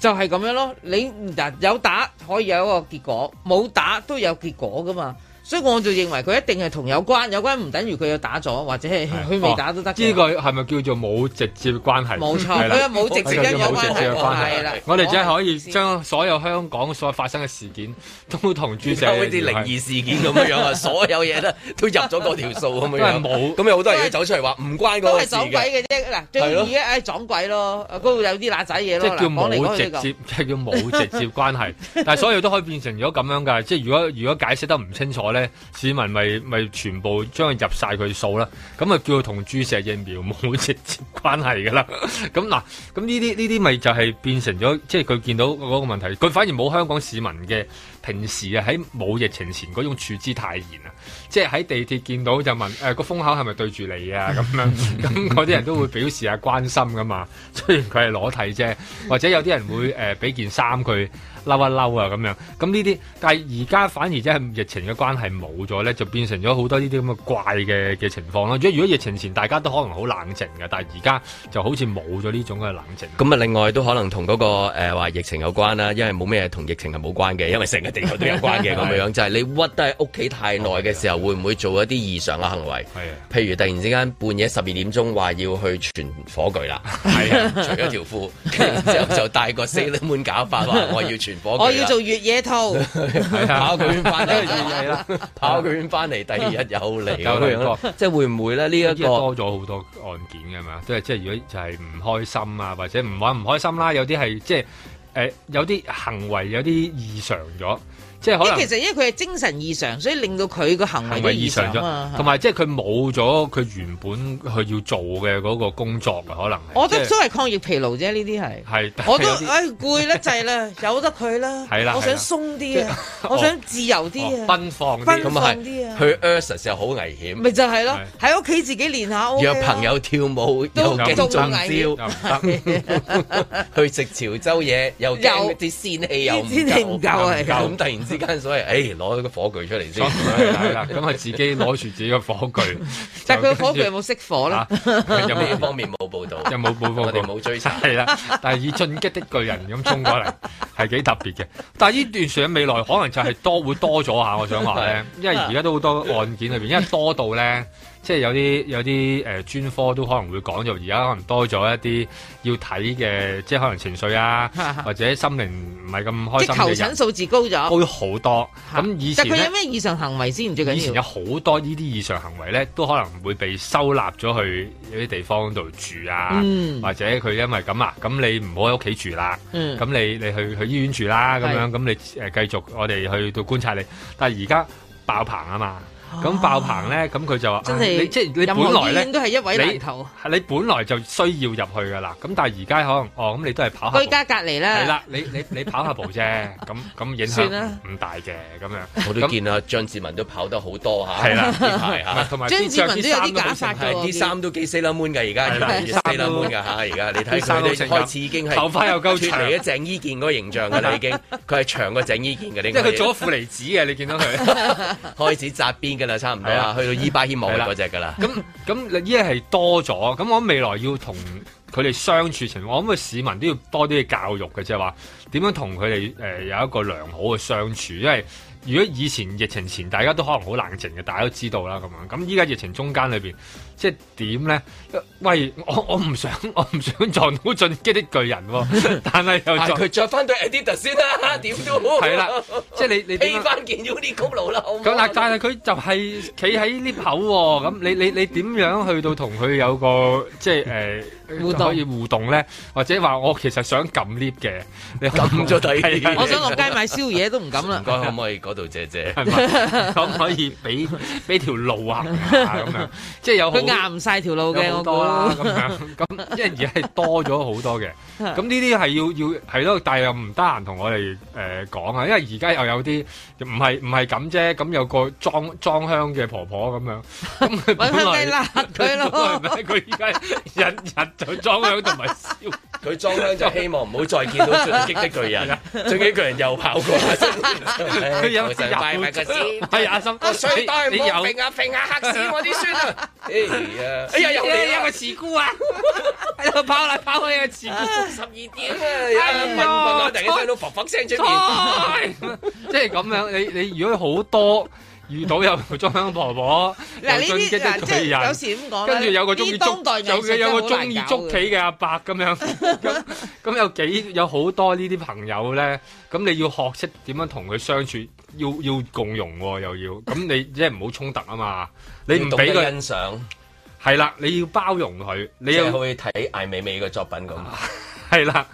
S3: 就係、是、咁樣咯，你有打，有打可以有一個結果，冇打都有結果噶嘛。所以我就認為佢一定係同有關，有關唔等於佢要打咗，或者係佢未打都得。呢、哦呢個係
S2: 咪叫做冇直接關係？冇錯，佢係冇直接有關，冇直接關係。哦、我哋只係可以將所有香港所發生嘅事件都同注射嗰
S1: 啲靈異事件咁樣啊， 所有嘢都入咗嗰條數咁樣。冇 咁沒有好 多人走出嚟話唔關嗰個事都係撞鬼
S3: 嘅啫，嗱最易嘅撞鬼咯，嗰 度有啲辣仔嘢咯。即係冇直接，
S2: 即 係叫冇直接關係。 但係所有都可以變成咗咁樣㗎，即係如果如果解釋得唔清楚咧市民咪咪全部將佢入晒佢數啦，咁咪叫佢同注射疫苗冇直接關係噶啦。咁嗱，咁呢啲呢啲咪就係變成咗，即係佢見到嗰個問題，佢反而冇香港市民嘅平時啊，喺冇疫情前嗰種處置態勢啊，即係喺地鐵見到就問誒個、呃、風口係咪對住你啊咁樣，咁嗰啲人都會表示下關心噶嘛，雖然佢係裸體啫，或者有啲人會誒俾、呃、件衫佢。嬲一嬲啊咁樣，咁呢啲，但係而家反而即係疫情嘅關係冇咗咧，就變成咗好多呢啲咁嘅怪嘅嘅情況咯。即係如果疫情前大家都可能好冷靜嘅，但係而家就好似冇咗呢種嘅冷靜。
S1: 咁啊，另外都可能同嗰、那個誒話、呃、疫情有關啦，因為冇咩同疫情係冇關嘅，因為成個地球都有關嘅咁嘅樣。就係、是、你屈低喺屋企太耐嘅時候，oh、會唔會做一啲異常嘅行為？譬如突然之間半夜十二點鐘話要去傳火炬啦，係除咗條褲，然之後就戴個 salesman 假髮 話我要傳我要做
S3: 越野兔
S1: 跑佢圈翻嚟啦， 跑佢圈翻嚟第二日又嚟， 即係會唔會咧？呢 一個多
S2: 咗好多案件嘅嘛，即係即係如果就係唔開心啊，或者唔玩唔開心啦，有啲係即係誒，有啲行為有啲異常咗。即係其實因為佢
S3: 係精神異常，所以令到佢個行為都異常啊。同埋
S2: 即係佢冇咗佢原本佢要做嘅嗰個工作啊，可能係我覺得都係
S3: 抗疫疲勞啫。呢啲係，我都唉攰得滯啦，哎、 由得佢啦。係啦，我想鬆啲啊我，我想自由啲啊，奔
S1: 放啲咁啊，係去 e 好危險。咪就係咯，
S3: 喺屋企自己練下，約朋
S1: 友跳舞又勁爭招，有 去食潮州嘢又啲
S3: 鮮氣又唔夠，唔咁
S1: 突然之。之間所謂，誒攞咗個火具出嚟先，係啦，咁啊 自己攞住自己個火具。 就但係佢火具有冇熄火啦、啊、有咩方面冇報道？
S2: 沒有冇報道。 我哋冇追查。係 啦，但係以進擊的巨人咁衝過嚟，係幾特別嘅。但係呢段時間未來可能就係多 會多咗下，我想話咧，因為而家都好多案件裏邊，因為多到咧。 即係有啲有啲誒、呃、專科都可能會講，就而家可能多咗一啲要睇嘅，即係可能情緒啊， 或者心靈唔係咁開心嘅人。即求診數
S3: 字高咗，高咗
S2: 好多。咁以前咧，但佢有
S3: 咩異常行為先？最緊要以前有
S2: 好多呢啲異常行為咧，都可能會被收納咗去一啲地方度住啊，嗯、或者佢因為咁啊，咁你唔好喺屋企住啦，咁、嗯、你你去去醫院住啦，咁樣咁你誒繼續我哋去到觀察你。但係而家爆棚啊嘛！咁爆棚咧，咁佢就話、啊：真係，你即係你本來咧，你係一位難投你。你本來就需要入去噶啦。咁但係而家可能，哦咁你都係跑下。
S3: 居家隔離啦。係啦，
S1: 你你你跑下步啫。咁 咁影響，唔大嘅咁樣。我都見到張志文都跑得好多嚇。係 啦，同埋 張志文都有啲假髮嘅。啲衫都幾死楞滿嘅，而家係死楞滿嘅嚇。而 家你睇佢哋開始已經係 頭髮又夠長，你鄭伊健嗰個形象啦已經，佢係長過鄭伊健嘅。因佢左負離子嘅，你見 到佢 開始側邊差唔多啦，去到伊巴希姆嗰隻噶啦。咁
S2: 咁依家係多咗，咁我諗未來要同佢哋相處情況，我諗市民都要多啲嘅教育嘅，即係話點樣同佢哋誒有一個良好嘅相處。因為如果以前疫情前大家都可能好冷靜嘅，大家都知道啦。咁樣，咁依家疫情中間裏邊。即係點咧？喂，我我唔想我唔想撞到進擊的巨人喎，但係又再佢
S1: 著翻對 Adidas 先啦，點都好係啦。即係你你披翻件咗啲高佬啦，
S2: 好唔好？咁但係佢就係企喺 lift 口喎，咁你你你點樣去到同佢有個即係誒互動可以互動咧？或者話我其實想撳 lift 嘅，你撳咗第啲？我想落街買宵
S3: 夜都唔敢啦。唔該，可
S2: 唔可以嗰度借借？可唔可以俾俾條路行下咁樣，即係有好。行唔
S3: 晒條路嘅，我估啦咁樣，咁
S2: 即係而係多咗好多嘅。咁呢啲係要要係咯，但係又唔得閒同我哋誒講啊。因為而家又有啲唔係唔係咁啫。咁有個裝裝香嘅婆婆咁樣，
S1: 咁佢本來係辣佢咯。佢而家日日就裝香同埋燒，佢裝香就希望唔好再見到進擊的巨人。進擊巨人又跑過，佢有入埋個綫。係阿生，我水袋冇平啊，平下黑綫我啲酸啊。啊，啊！哎呀，有跌、啊啊、一個慈
S3: 姑啊，喺 度跑嚟跑去個慈姑，
S2: 十二點啊，問唔問啊？突然間聽到卜卜聲即係咁樣。你你如果好多遇到有裝香婆婆、啊、有尊敬嘅老人有時咁講，跟住有個中意捉，有有個中意捉棋嘅阿伯咁樣。咁有幾有好多呢啲朋友咧？咁你要學識點樣同佢相處，要要，要共融，哦，又要咁你即係唔好衝突啊嘛。你唔俾佢欣賞。係啦，你要包容佢，你又、就是、可以睇艾美美嘅作品咁。係 啦，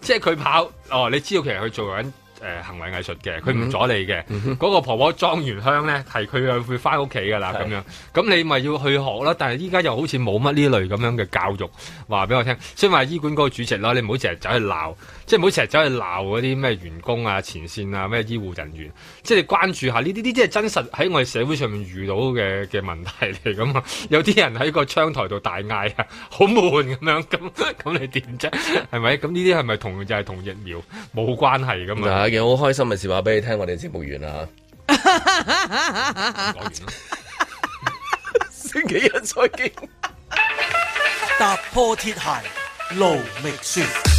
S2: 即係佢跑哦，你知道其實佢做緊。誒行為藝術嘅，佢唔阻你嘅，嗰、嗯嗯嗰個婆婆裝完香咧，係佢會翻屋企噶啦咁樣。咁你咪要去學啦。但係依家又好似冇乜呢類咁樣嘅教育話俾我聽。所以話醫管嗰個主席啦，你唔好成日走去鬧，即係唔好成日走去鬧嗰啲咩員工啊、前線啊、咩醫護人員。即係你關注下呢啲，呢啲係真實喺我哋社會上面遇到嘅嘅問題嚟噶嘛。有啲人喺個窗台度大嗌啊，好悶咁樣。咁咁你點啫？係咪？咁呢啲係咪同
S1: 就係同疫苗冇關係噶嘛？我好開心嘅事話俾你聽，我哋節目完啦。星期日再見。踏破鐵鞋路未絕。勞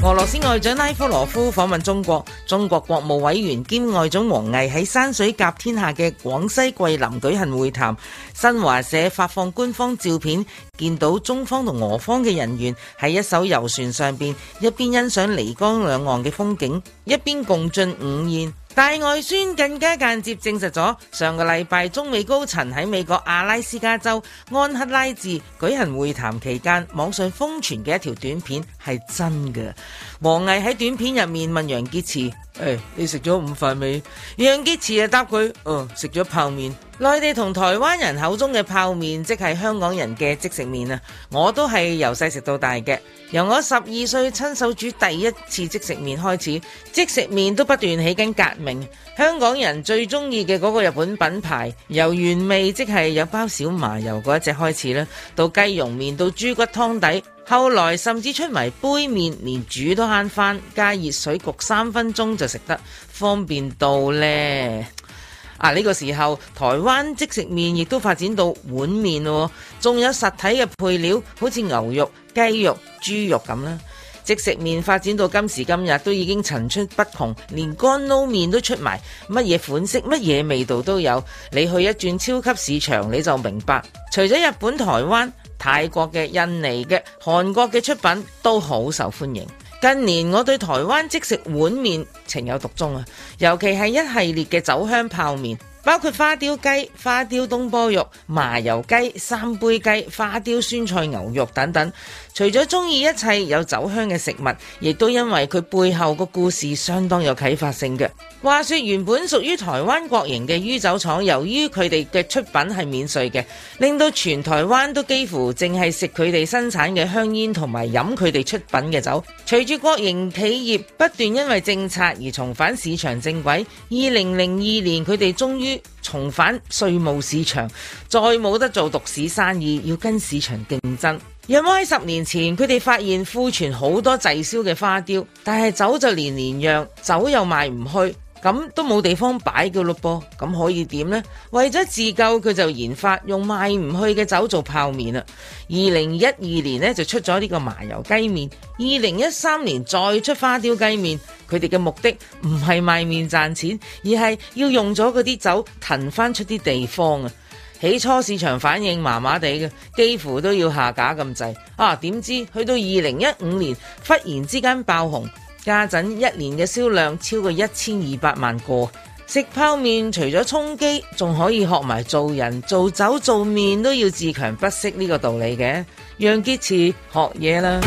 S3: 俄羅斯外長拉夫羅夫訪問中國，中國國務委員兼外長王毅喺山水甲天下嘅廣西桂林舉行會談。新華社發放官方照片，見到中方同俄方嘅人員喺一艘遊船上邊，一邊欣賞漓江兩岸嘅風景，一邊共進午宴。大外宣更加間接證實咗，上個禮拜中美高層喺美國阿拉斯加州安克拉治舉行會談期間，網上瘋傳嘅一條短片係真嘅。王毅喺短片入面問楊潔篪：哎，你食咗午飯未？楊潔篪啊答佢：嗯，食咗泡麵。內地同台灣人口中嘅泡麵，即係香港人嘅即食麵啊！我都係由細食到大嘅，由我十二歲親手煮第一次即食麵開始，即食麵都不斷起緊革命。香港人最中意嘅嗰個日本品牌，由原味即係有包小麻油嗰一隻開始啦，到雞蓉麵，到豬骨湯底，後來甚至出埋杯麵，連煮都慳返，加熱水焗三分鐘就食得，方便到呢。啊！呢個時候，台灣即食麵亦都發展到碗麵喎，仲有實體嘅配料，好似牛肉、雞肉、豬肉咁啦。即食麵發展到今時今日，都已經層出不窮，連乾撈麵都出埋，乜嘢款式、乜嘢味道都有。你去一轉超級市場，你就明白。除咗日本、台灣、泰國嘅、印尼嘅、韓國嘅出品，都好受歡迎。近年，我對台灣即食碗麵情有獨鍾啊，尤其係一系列嘅酒香泡麵。包括花雕雞、花雕東坡肉、麻油雞、三杯雞、花雕酸菜牛肉等等。除咗中意一切有酒香嘅食物，亦都因為佢背後個故事相當有啟發性嘅。話說原本屬於台灣國營嘅煙酒廠，由於佢哋嘅出品係免稅嘅，令到全台灣都幾乎淨係食佢哋生產嘅香煙同埋飲佢哋出品嘅酒。隨住國營企業不斷因為政策而重返市場正軌，二零零二年佢哋終於。重返稅務市場，再冇得做獨市生意，要跟市場競爭。因為喺十年前，佢哋發現庫存好多滯銷嘅花雕，但係酒就年年釀，酒又賣唔去。咁都冇地方擺嘅咯噃，咁可以點呢？為咗自救，佢就研發用賣唔去嘅酒做泡麵啦。二零一二年呢，就出咗呢個麻油雞麵，二零一三年再出花雕雞麵。佢哋嘅目的唔係賣麵賺錢，而係要用咗嗰啲酒騰翻出啲地方啊！起初市場反應麻麻地嘅，幾乎都要下架咁滯啊！點知去到二零一五年，忽然之間爆紅。家陣一年嘅銷量超過一千二百萬個，食泡麵除咗充飢，仲可以學埋做人，做酒做麵都要自強不息呢個道理嘅，讓杰次學嘢啦。